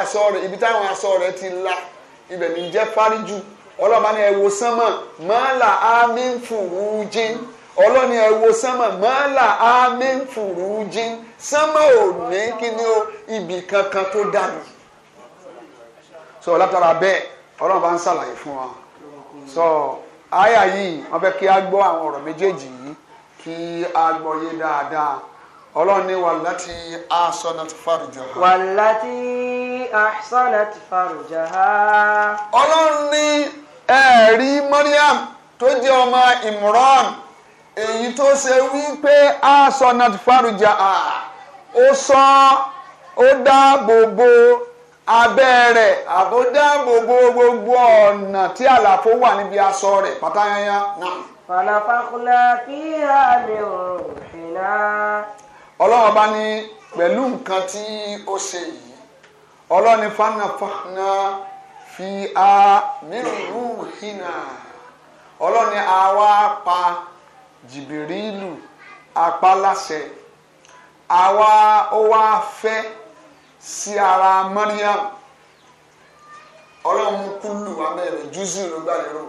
aṣọ rẹ̀ ibi táwọn aṣọ rẹ̀ ti la ibẹ̀ ní jẹ́ fáríjù ọlọ́ọ̀bá ni ẹ wo sánmọ̀ mọ́là ámínfùrújín ọlọ́ni ẹ wo sánmọ̀ mọ́là ámínfùrújín sánmọ̀ ò ní kí ni o ibì kankan tó dànù sọ látara bẹ́ẹ̀ ọlọ́ọ̀bá ń ṣàlàyé fún wa sọ. So, àyà yìí wọ́n fẹ́ kí a gbọ́ àwọn ọ̀rọ̀ méjèèjì yìí kí a gbọ́ yé dáadáa ọlọ́run ní wàlátí ahsanat farjaha. wàlátí ahsanat farjaha. ọlọ́run ní ẹ̀rí Mariam tó jẹ́ ọmọ Imran èyí tó ṣe wípé ahsanat farjaha ó sọ ó dáàbò bo. abẹ́ rẹ̀ àtọ́dáàbòbò gbogbo ọ̀nà tí àlàfo wà níbi aṣọ rẹ̀ pátáyányá. fàlàfàkùlà kí a lè rìnà. ọlọ́run bá ní pẹ̀lú nǹkan tí ó ṣe yìí ọlọ́ni fánafáná fi a mírùrù hìnà ọlọ́ni àwa pa jìbìrìlù apá láṣẹ àwa ó wá fẹ́. Sịara Mariam ọlọ́run kúlù wà bẹ̀rẹ̀ júùsù ló gbà lérò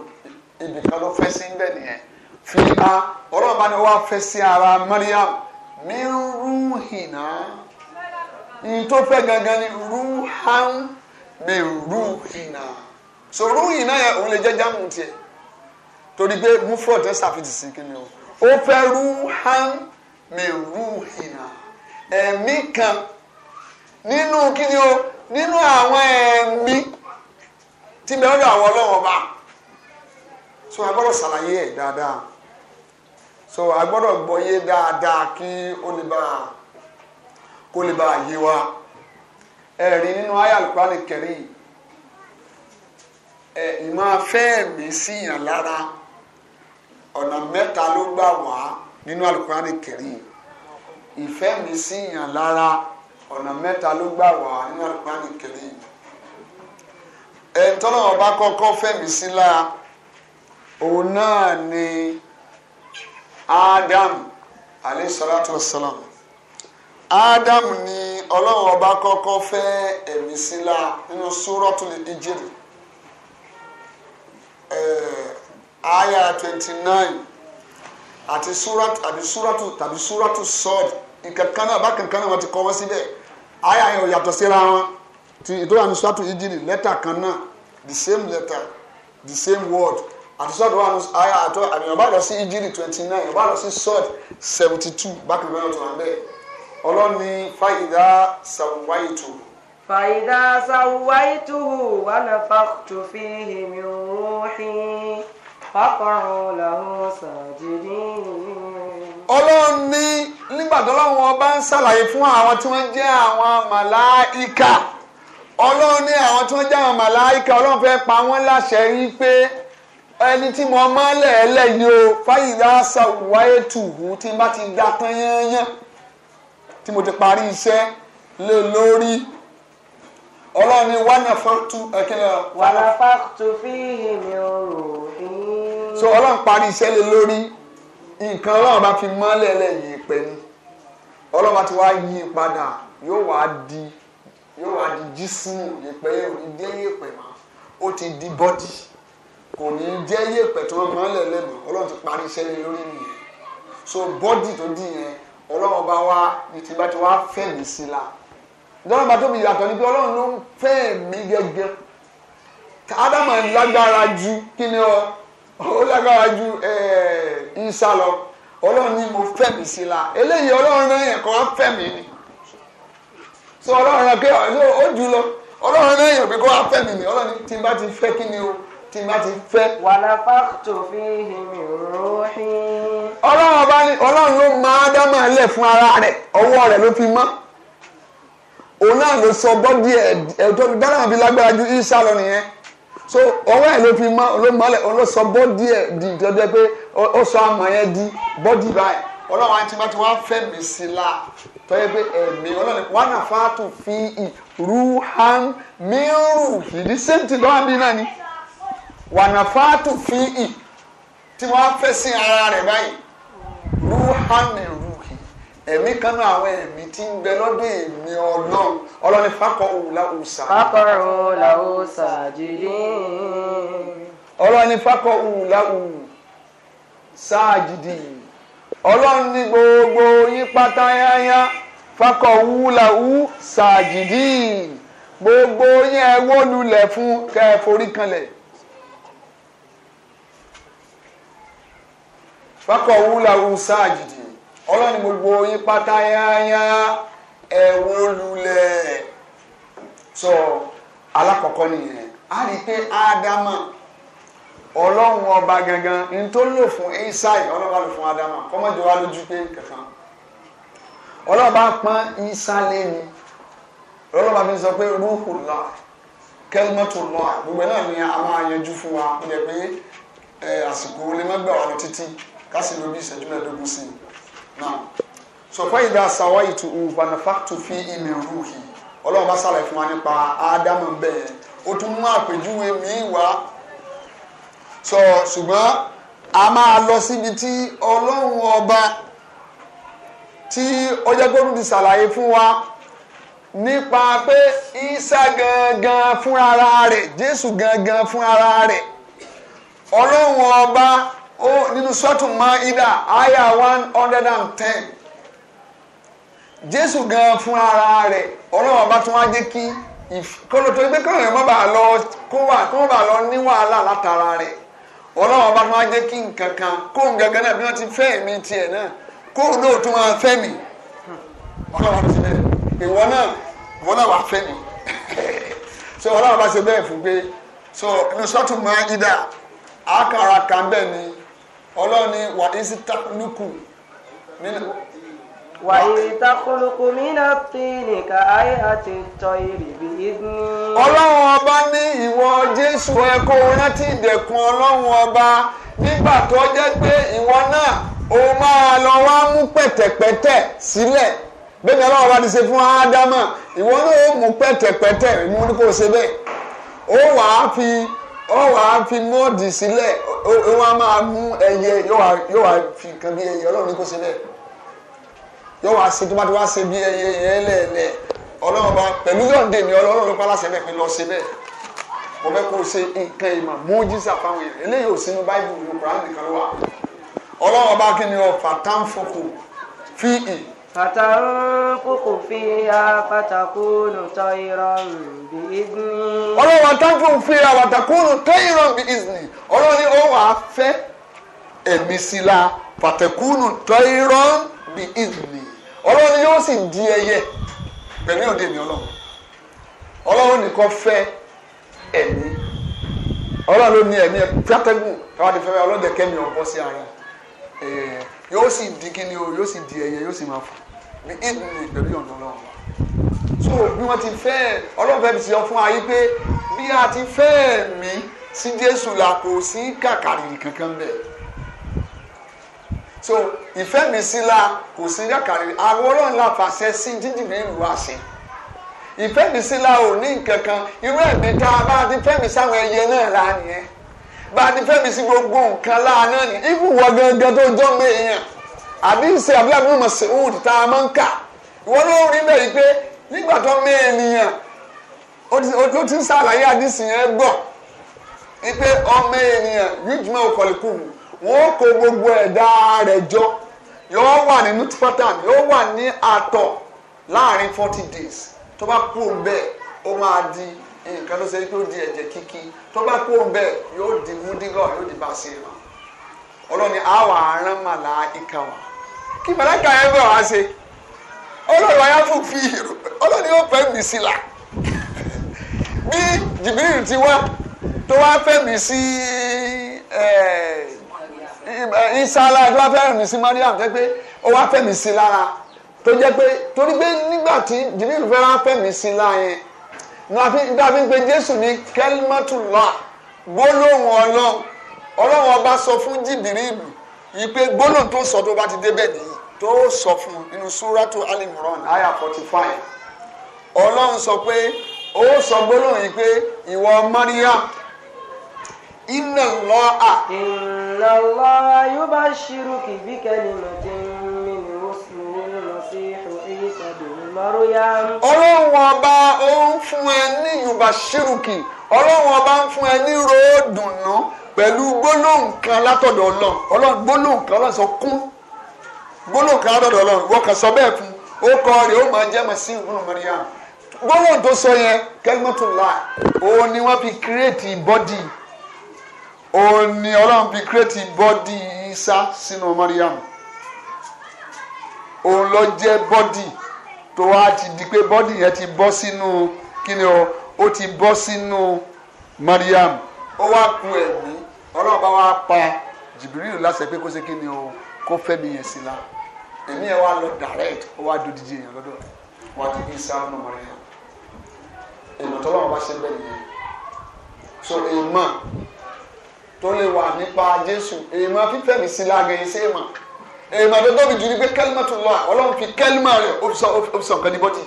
ló fẹ́ sí nìyẹn fi ma ọlọ́run bá ní wàá fẹ́ sí ara Mariam mi ni mi so rúhìnà yẹn òun lè jẹ́ jámù tiẹ̀ torí pé mufrod sí kí ni o ó mi kan nínú kíni o nínú àwọn ẹ̀mí tí bẹ́ẹ̀ lọ́dọ̀ àwọn ọlọ́wọ́n ọba so a gbọ́dọ̀ ṣàlàyé ẹ̀ dáadáa so a gbọ́dọ̀ gbọ́yé dáadáa kí ó lè bá kó lè bá yé wa ẹ̀rí nínú àyá Al-Qur'ani Karim ẹ̀ ìmọ̀ afẹ́ẹ̀mí síyàn lára ọ̀nà mẹ́ta ló gbà wá nínú Al-Qur'ani Karim ìfẹ́ mi síyàn lára ọ̀nà mẹ́ta ló gbà wá nínú àlùkùránì Karim ẹni tọ́lọ́ ọba kọ́kọ́ fẹ̀mí sí lára òun náà ni Ádámù alayhi salatu wassalam ádámù ni ọlọ́run ọba kọ́kọ́ fẹ́ ẹ̀mí sílá nínú súrọ́tùlì ìjírì àyà twenty nine àti súrọ́tù tàbí súrọ́tù sọ́ọ̀dì ìkankan náà bákankan náà wọ́n ti kọ́ wọ́n síbẹ̀ àyà yẹn ò yàtọ̀ síra wọn ti ìtura ní sọ́tù ìjìnì lẹ́tà kan náà the same letter the same word àti sọ́tù wà ní àyà àtọ́ àmì ọ̀bá lọ sí ìjìnì twenty nine ọ̀bá lọ sí sọ́ọ̀d seventy two bákan náà tó wà bẹ́ẹ̀ ọlọ́ni fàyídà sàwáìtò. fàyídà sàwáìtò wà ní fàkùtù fi hìmì rúhìn fàkọrùn làwọn sàjìdì ọlọ́run ní nígbà tó lọ́wọ́ ọba ń ṣàlàyé fún àwọn tí wọ́n jẹ́ àwọn màláìka ọlọ́run ní àwọn tí wọ́n jẹ́ àwọn màláìka ọlọ́run fẹ́ pa wọ́n láṣẹ yí pé ẹni tí mo máa ń lẹ̀ẹ́lẹ̀ yìí o fáyìlá ṣàwáyé tùhú tí n bá ti da tán yányán tí mo ti parí iṣẹ́ lé lórí ọlọ́run ní wánà fọ́tù ẹ̀kẹ́lẹ́. wàlá fàtúfì mi ò rò ó. so ọlọ́run parí iṣẹ́ lé lórí nǹkan ọlọ́run bá fi mọ́lẹ̀ lẹ́yìn ìpẹ́ ni ọlọ́run bá ti wá yí padà yóò wá di yóò wá di jísùmù ìpẹ́ yóò ní jẹ́ yẹ̀pẹ̀ mọ́ ó ti di bọ́dì kò ní jẹ́ yẹ̀pẹ̀ tó mọ́lẹ̀ lẹ́mọ̀ ọlọ́run ti parí iṣẹ́ lé lórí nìyẹn so bọ́dì tó dì yẹn ọlọ́run bá wá ní ti bá ti wá fẹ̀mí sí la ìjọba bá tóbi yàtọ̀ ní pé ọlọ́run ló ń fẹ̀mí gẹ́gẹ́ ádámà lágbára ju kí ni ọ ó ju eh, ọlọ́run ní mo fẹ̀mí sí la eléyìí ọlọ́run náà yẹn kọ́ ni so ọlọ́run náà pé ó ọlọ́run pé ọlọ́run tí n bá ti fẹ́ kí ni o tí n bá ti fẹ́. wàlá fàtò fi hìmì so ọwọ́ ẹ̀ ló fi mọ́ olómọ́lẹ̀ olóṣọ bọ́dí ẹ̀ di ìtọ́jú pé ó sọ àmọ́ yẹn di bọ́dí báyìí ọlọ́run àti bá ti wá fẹ́ mi sí la tọ́yẹ pé ẹ̀mí ọlọ́run wà náà fà á tún fi ìrúhàn mírù ìdí sẹ́ǹtì lọ́wọ́ bí náà ni wà náà fà á tún fi ì tí wọ́n á fẹ́ sí ara rẹ̀ báyìí rúhàn mírù. ẹ̀mí kan náà àwọn ẹ̀mí tí ń bẹ lọ́dún èmi ọlọ́run fakọ̀ òwúlà fakọ̀ òwúlà fakọ̀ òwúlà ọlọ́run ní gbogbo yín yáyá fakọ̀ gbogbo wó lulẹ̀ fún ọlọ́ni gbogbo yín pátá yáyá ẹ wó lulẹ̀ sọ alákọ̀ọ́kọ́ nìyẹn a rí i pé ádámà ọlọ́run ọba gangan ní tó lò fún isai ọlọ́ba lò fún ádámà kọ́mọ́jọ wa lójú pé kankan ọlọ́ba pọ́n isálẹ̀ ni ọlọ́ba fi sọ pé rúhùn náà kẹlmọtò lọ gbogbo náà ni a máa yanjú fún wa ó yẹ pé àsìkò lè má gbà wà lọ títí ká sì lóbi ìṣẹ́jú mẹ́ẹ̀ẹ́dógún sí i náà sọ̀fọ́ ìdá àsàwọ̀ ìtù ìfànàfà tó fi ìmì rúhì ọlọ́run bá sàlàyé fún wa nípa ádámù bẹ́ẹ̀ ó tún mú àpèjúwe míì wá sọ ṣùgbọ́n a máa lọ síbi tí ọlọ́run ọba tí ọjọ́ gbọ́dún ti sàlàyé fún wa nípa pé Ìsá gangan fún ara rẹ̀ Jésù gangan fún ara rẹ̀ ọlọ́run ọba ó nínú sọ́ọ̀tù Maida aya one hundred and ten Jésù gan fún ara rẹ̀ ọlọ́run bá tún wá jẹ́ kí kọ́lọ́ tó gbé kọ́lọ́ yẹn má bàa lọ kó wà kó má bàa lọ ní wàhálà látara rẹ̀ ọlọ́run bá tún wá jẹ́ kí nǹkan kan kóun gangan náà bí wọ́n ti fẹ́ mi tiẹ̀ náà kóun náà tún wá fẹ́ mi ọlọ́run ti bẹ́ẹ̀ ìwọ náà ìwọ náà wà fẹ́ mi so ọlọ́run bá ṣe bẹ́ẹ̀ fún pé so nínú sọ́ọ̀tù Maida àkàrà kan bẹ́ẹ̀ ni ọlọ́run ni wà á sí tákùlùkù nínú. wà á tákùlùkù nínú tìǹì ká ayé àti tọ́ ìrìbì ní. ọlọ́run ọba ní ìwọ jésù ẹ kó rántí ìdẹ̀kùn ọlọ́run ọba nígbà tó jẹ́ pé ìwọ náà ó máa lọ wá mú pẹ̀tẹ̀pẹ̀tẹ̀ sílẹ̀ bẹ́ẹ̀ ọlọ́run ọba ti ṣe fún ádámà ìwọ náà ó mú pẹ̀tẹ̀pẹ̀tẹ̀ mú kó ṣe bẹ́ẹ̀ ó wàá fi ọ wàá fi mọ́ọ̀dì sílẹ̀ wọn a máa mú ẹyẹ yóò wá fi nǹkan bí ẹyẹ ọlọ́run ní kó sílẹ̀ yóò wá ṣe tó bá ti wá ṣe bí ẹyẹ yẹn lẹ́ẹ̀lẹ́ ọlọ́run bá pẹ̀lú yọ̀ǹde mi ọlọ́run ló pàlàṣẹ bẹ́ẹ̀ fi lọ ṣe bẹ́ẹ̀ mo fẹ́ kó o ṣe nǹkan ìmọ̀ mú jísà fáwọn èèyàn eléyìí ò sínú báyìí nínú kùrán nìkan ló wà ọlọ́run bá kí ni ọ fàtàǹfọ̀kù fi ì fatanfuku fiha fatakunu tayran bi izni. ọlọ́run fatanfuku fiha fatakunu tayran bi izni ọlọ́run ni ó wàá fẹ́ ẹ̀mí sí la fatakunu tayran bi izni ọlọ́run ni yóò sì di ẹyẹ pẹ̀lú òde mi ọlọ́run ọlọ́run nìkan fẹ́ ẹ̀mí ọlọ́run ló ní ẹ̀mí ẹ̀ pátẹ́gùn káwá ti fẹ́ ọlọ́dẹ kẹ́mi ọ̀bọ sí ara yóò sì di kíni o yóò sì di ẹyẹ yóò sì máa fò bí ìdùnnú pẹ̀lú yọ̀ǹda ọlọ́run so bí wọ́n ti fẹ́ ọlọ́run fẹ́ fi sọ fún wa yìí pé bí a ti fẹ́ mi sí Jésù la kò sí kàkàrìrì kankan bẹ́ẹ̀ so ìfẹ́ mi sí la kò sí kàkàrìrì àwọn ọlọ́run la fàṣẹ sí jíjì bí ìlú wa sí ìfẹ́ mi sí la ò ní nǹkan kan irú ẹ̀mí tá a bá ti fẹ́ mi sáwọn ẹyẹ náà la nìyẹn bá a ti fẹ́ mi sí gbogbo nǹkan láàánú ni gangan tó jọ́ mi èèyàn àdìsí abdullahi bin masoud tá a máa ń kà ìwọ náà rí bẹ́ẹ̀ yìí pé nígbà tó mẹ́ ènìyàn ó ti ń sàlàyé àdìsí yẹn gbọ̀ wípé ọmọ ènìyàn yíjùmọ̀ òkọ̀lùkù wọn kó gbogbo ẹ̀dá rẹ̀ jọ yóò wà ní nutfatan yóò wà ní àtọ̀ days tó bá kú bẹ́ẹ̀ ó máa di nǹkan tó ṣe di ẹ̀jẹ̀ kíkí tó bá kú bẹ́ẹ̀ yóò di múdígọ̀ yóò di bá a ṣe é kí màláìka yẹn bọ̀ wá ṣe ọlọ́run ayá fún fi ọlọ́run yóò fẹ́ mi sí la bí jìbìrì ti wá tó wá fẹ́ mi sí eh, ìsàlá tó wá fẹ́ mi sí Mariam tó pé ó wá fẹ́ mi sí lára tó jẹ́ pé torí pé nígbà tí jìbìrì fẹ́ wá fẹ́ mi sí lára yẹn nígbà fi ń pe Jésù ní kẹ́límọ́tùlá gbólóhùn ọlọ́run ọlọ́run ọba sọ fún jìbìrì ìlú yìí pé gbólóhùn tó sọ tó bá ti débẹ̀ nìyí tó sọ fún nínú súrátù alimran aya forty five ọlọ́run sọ pé ó sọ gbólóhùn yìí pé ìwọ Maryam inna Allaha. inna Allaha yubashiruki bi kalimatin min ismihi al-masihu Isa ibn Maryam. ọlọ́run ọba ó ń fún ẹ ní yubashiruki ọlọ́run ọba ń fún ẹ ní ròódùnú pẹ̀lú gbólóhùn kan látọ̀dọ̀ ọlọ́run gbólóhùn kan ọlọ́run kún gbólóhùn kan lọ́dọ̀ ọlọ́run wọ́n sọ bẹ́ẹ̀ fún ó kọ́ rẹ̀ ó máa jẹ́ Masihu ibn Maryam gbólóhùn tó sọ yẹn kalimatullah òun ni wọ́n fi kírètì bọ́dì òun ni ọlọ́run fi kírètì bọ́dì Isa sínú Maryam òun lọ jẹ́ bọ́dì tó wá ti di pé ti bọ́ sínú kí ni o ti bọ́ sínú ó ku ẹ̀mí ọlọ́run bá wá pa pé kó ṣe kí ni o kó yẹn la. ẹ̀mí ẹ̀ wa lọ direct ó wá dúdú di èèyàn lọ́dọ̀ rẹ̀ wá ti bí sáà nù mọ́rẹ́ yẹn èèyàn tó lọ́wọ́ bá ṣe bẹ́ẹ̀ nìyẹn so èèmọ̀ tó lè wà nípa Jésù èèmọ̀ fífẹ́ mi sí láàgẹ̀ yìí sí èèmọ̀ èèmọ̀ tó tóbi jù ní pé kẹ́límà tó lọ ọlọ́run fi kẹ́límà rẹ̀ ó fi ní bọ́tì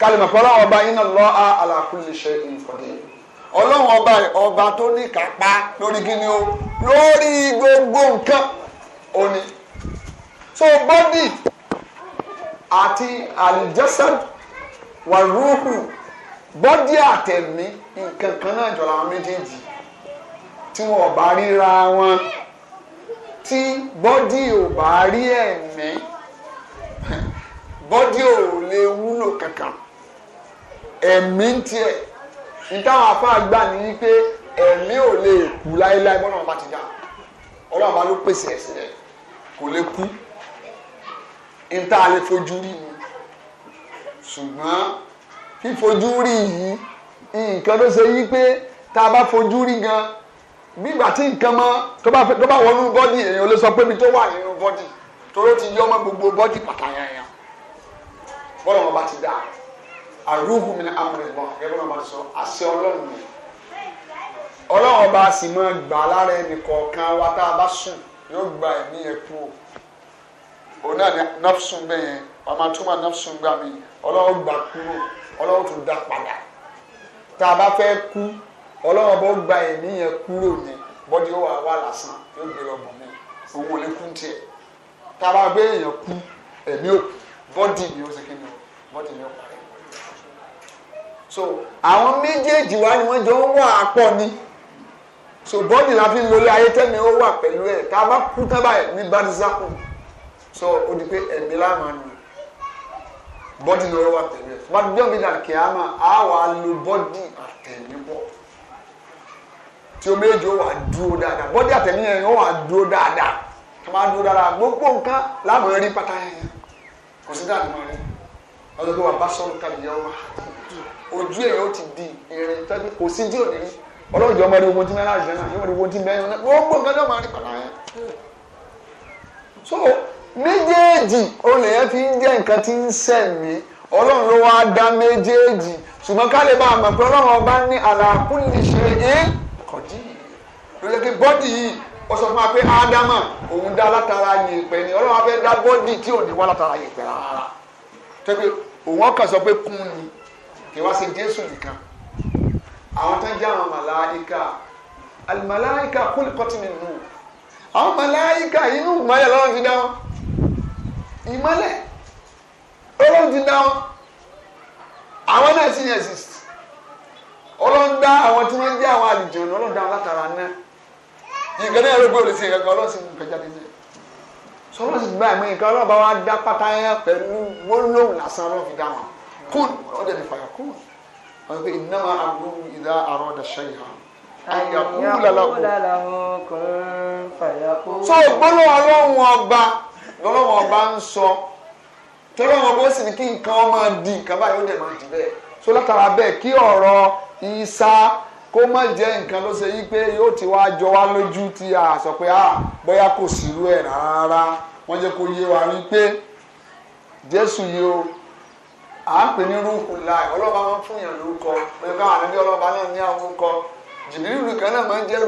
kálímà fọlá ọba iná lọ á àlàkùnlé ṣe ìfọdé ọlọ́run ọba rẹ̀ ọba tó ní kápá lórí gíní o lórí gbogbo nǹkan ó ní so body, àti àlìjẹ́sẹ̀d wà rúhù bọ́dì àtẹ̀mí nǹkan kan náà jọra wọn méjèèjì tí wọn ò bá ríra wọn tí bọ́dì ò bá rí ẹ̀mí bọ́dì ò lè wúlò kankan ẹ̀mí ń tiẹ̀ nítawọn afá gbà ní wípé ẹ̀mí ò lè kú láéláé bọ́dọ̀ bá ti dá ọlọ́run bá ló pèsè ẹ̀ sílẹ̀ kò lè kú níta lè fojú rí ni ṣùgbọ́n fífojú rí yìí nǹkan ló ṣe yí pé tá a bá fojú rí gan nígbà tí nǹkan mọ tó bá tó bá wọnú bọ́dì èèyàn ló sọ pé mi tó wà nínú bọ́dì toró ti yọ ọmọ gbogbo bọ́dì pàtàkì yẹn bọ́lá wọn bá ti dáa àrùhù mi ní amúrẹ̀gbọ́n gẹ́gẹ́ bọ́lá wọn bá ti sọ àṣẹ ọlọ́run ni ọlọ́run ọba sì máa gbà lára ẹnì kọ̀ọ̀kan wa tá a bá sùn yóò gba ẹ̀mí yẹn o òun náà ní nafsun bẹ́ẹ̀ yẹn wọ́n máa túmọ̀ nafsun gbà mí ọlọ́run gbà kúrò ọlọ́run tún dá padà tá a bá fẹ́ kú ọlọ́run bó gba ẹ̀mí yẹn kúrò ní bọ́dí ó wà wà lásán yóò gbé ọgbọ̀n mi òun ò lè kú tiẹ̀ tá a bá gbé èèyàn kú ẹ̀mí ò bọ́dí mi ó ṣe kí ni o bọ́dí mi ò parẹ́ so àwọn méjèèjì wa ni wọ́n jọ ń wà á pọ̀ ni so bọ́dí la fi ń lólé ayé tẹ́mi ó wà pẹ̀lú ẹ̀ tá a bá kú tábà ní bá so ó di pé ẹ̀mí láàmà nù bọ́dì náà ló wà tẹ̀lé ẹ̀ wọ́n á wà á lo bọ́dì àtẹ̀mí bọ̀ tí o méjì ó wà dúró dáadáa yẹn ó wà dúró dáadáa tó máa dúró dáadáa gbogbo nǹkan rí pátá yẹn kò sí dáadáa rí ọdún tó wà bá sọ̀rọ̀ tàbí yẹn wà ojú ó ti di irin tẹ́bí kò sí ní ọlọ́run ọmọdé ogun méjèèjì olè yẹn fi ń jẹ́ nǹkan tí ń sẹ̀mí ọlọ́run ló wá dá méjèèjì ṣùgbọ́n ká lè bá a mọ̀ pé ọlọ́run ọba ní àlàkùnlé ṣe é kọ̀dí ló yẹ kí bọ́dì yìí ó sọ fún wa pé ádámà òun dá látara yèèpẹ̀ ni ọlọ́run afẹ́ dá bọ́dì tí ò ní wá látara yèèpẹ̀ rárá tó pé òun ọkàn sọ pé kún ni kí wá sí jésù nìkan àwọn tó ń jẹ́ àwọn màláìka àlùmàláìka kúlìkọ́tì nínú àwọn màláìka inú ìmọ̀lẹ́ lọ́rùn ti dá wọn ìmọ́lẹ̀ ọlọ́run ti dá wọn àwọn náà sì exist ọlọ́run dá àwọn tí wọ́n jẹ́ àwọn àlùjọ ní ọlọ́run dá wọn látara náà nǹkan náà ló gbọ́dọ̀ sí ẹ̀kọ́ ọlọ́run sì ń gbẹjà dídí sọlọ́run sì gba ẹ̀mọ́ nǹkan ọlọ́run bá wá dá pátá yẹn pẹ̀lú gbólóhùn lásán ọlọ́run fi dá wọn kún ọdẹ ní fàyà kún wọn pe ìnáwó àbúrò ìdá àrọ́ ọ̀dà ṣẹ́yìn so gbólóhùn ọlọ́run ọgbà lọ́lọ́wọ́n bá ń sọ tọ́lọ́wọ́n bó sì ní kí nǹkan ó di nǹkan báyìí ó dẹ̀ máa di bẹ́ẹ̀ so látara bẹ́ẹ̀ kí ọ̀rọ̀ ìsá kó má jẹ́ nǹkan ló ṣe yí pé yóò ti wá jọ wá lójú a sọ pé ah, bóyá kò ẹ̀ rárá wọ́n jẹ́ kó yé wa pé Jésù yìí o à ń pè ní láì ọlọ́ba máa ń fún yàn lórúkọ pé ọlọ́ba náà ní àwọn orúkọ kan náà máa ń jẹ́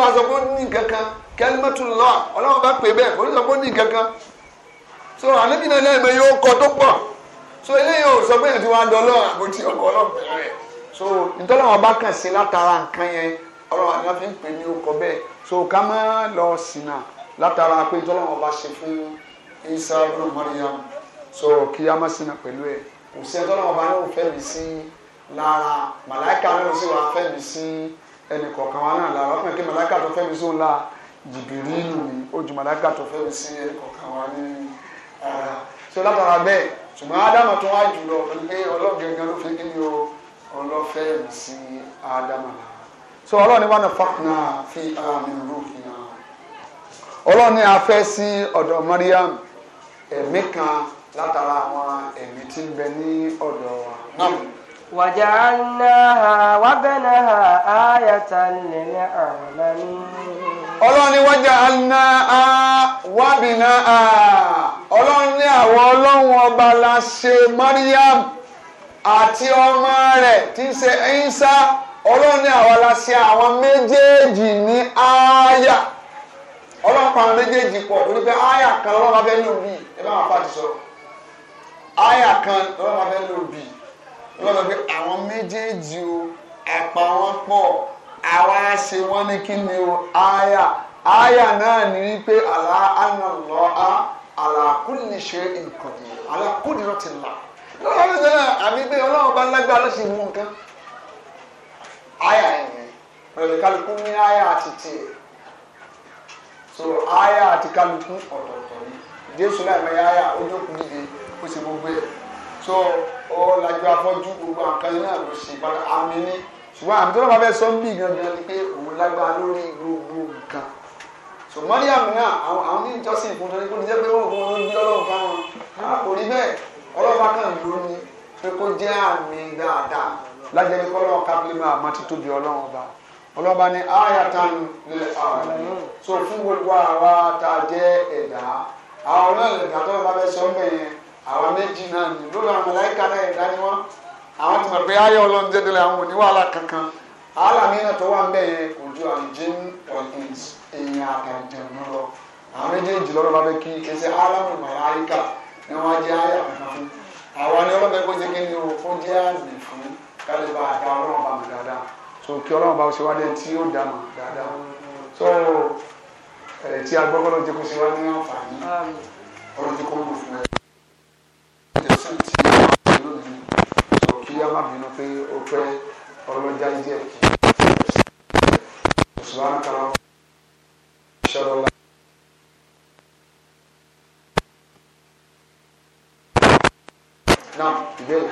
wa sọ pé ó kẹlímẹtùlọ Ọlọ́run bá pè bẹ́ẹ̀ oníṣọ pé ó ní nǹkan kan so àlébí náà lẹ́ẹ̀mẹ́ yóò kọ tó pọ̀ so eléyìí ò sọ pé ètò wa dọ́lọ́ àbótí ọkọ̀ ọlọ́pẹ̀ rẹ̀ so nítorí àwọn bá kàn sí látara nǹkan yẹn Ọlọ́run àná fi ń pè ní ọkọ̀ bẹ́ẹ̀ so ká má lọ sínà látara pé nítorí àwọn bá ṣe fún Isa ibn Maryam so kí á má sínà pẹ̀lú ẹ̀ kò sí ẹjọ́ náà ọba náà fẹ́ mi sí lára màláìka náà sì wà fẹ́ mi sí ẹnì kọ̀ọ̀kan wa náà lára ọkùnrin kí màláìka tó fẹ́ mi sí òun lára jìbìrìlù ni ojú màláìka tó sí ọ̀kan wa ní ara ah, so látara bẹ́ẹ̀ ṣùgbọ́n ádámà tó wá jùlọ pé ọlọ́gẹ̀gẹ̀ ló fi ọlọ́fẹ́ sí ádámà náà so ọlọ́ọ̀ni wà ní fi ara mi rú fi hàn ọlọ́ọ̀ni afẹ́ Mariam ẹ̀mí kan látara àwọn ẹ̀mí tí ń wàjàánnáha wàbẹ̀náha ayata lẹ́lẹ́ àlámín. ọlọ́run ni wàjàánnáha wàbẹ̀náha ọlọ́run ní àwọn ọlọ́run ọba la ṣe Mariam àti ọmọ rẹ̀ tí ń ṣe Ìsá ní àwọn la ṣe àwọn méjèèjì ní méjèèjì pọ̀ torí pé kan ọlọ́run abẹ́ ẹ bá wà pàdé sọ kan ọlọ́run abẹ́ wọ́n sọ pé àwọn méjèèjì o àpà wọn pọ̀ àwa ṣe wọ́n ní kí ni o àyà àyà náà ní wípé àlá àná lọ á àlàkùn ní ṣe nǹkan yìí àlàkùn ní lọ́ọ̀tì là lọ́wọ́ bí sọ́nà àbí pé ọlọ́run bá lágbára ló ṣe mú nǹkan àyà ẹ̀yìn pẹ̀lú kálukú ní àyà àti tiẹ̀ so àyà àti kálukú ọ̀tọ̀ọ̀tọ̀ ni jésù láì mẹ́yà àyà ó jókòó níbi ó ṣe gbogbo ẹ̀ so ọ̀làjú afọ́jú gbogbo àǹkan náà ló ṣe padà àmì ní ṣùgbọ́n àmì tó lọ́ba fẹ́ sọ ń bì gangan ni pé òun lágbára lórí gbogbo nǹkan so Mariam náà àwọn àwọn ní ìjọsìn ìfún torí kó ní jẹ́ pé wọ́n fún wọn bí ọlọ́run fáwọn náà kò rí bẹ́ẹ̀ ọlọ́ba kan ló ní pé kó jẹ́ àmì dáadáa lájẹ́ ní kọ́ lọ́wọ́ kábílẹ̀ máa máa ti tóbi ọlọ́run ọba ọlọ́ba ní ayatan lè àrùn so fún gbogbo àwa tá a jẹ́ ẹ̀dá àwọn náà lè dàtọ́ bá fẹ́ sọ ń bẹ̀yẹn àwọn méjì náà ni lórí àwọn màláíkà náà ẹ̀dá ni wọ́n àwọn ti mọ̀ pé ayé ọlọ́run jẹ́dẹ̀lẹ̀ àwọn òní wàhálà kankan wàhálà mìíràn tó wà ń bẹ̀ yẹn kò ju àjẹm èèyàn àtàjẹ̀mú lọ àwọn méjèèjì lọ́rọ̀ bá bẹ́ kí ẹsẹ̀ alámù màláíkà ni wọ́n á jẹ́ ayé àkàkàn fún àwọn ni ọlọ́run ẹgbẹ́ jẹ́ kí ni o fún jẹ́ àmì fún kálíbà àti ọlọ́run bá mi dáadáa so kí ọlọ́run bá ṣe wá so ẹ̀ tí agbọ́gbọ́n ló jẹ́ kó ṣe wá ní àǹfààní action tí ó ń lónìí sọ kí á má bínú pé ó pẹ́ ọlọ́jà díẹ̀ kí mùsùlùmí kan ṣọlọ́lá. náà ìbéèrè.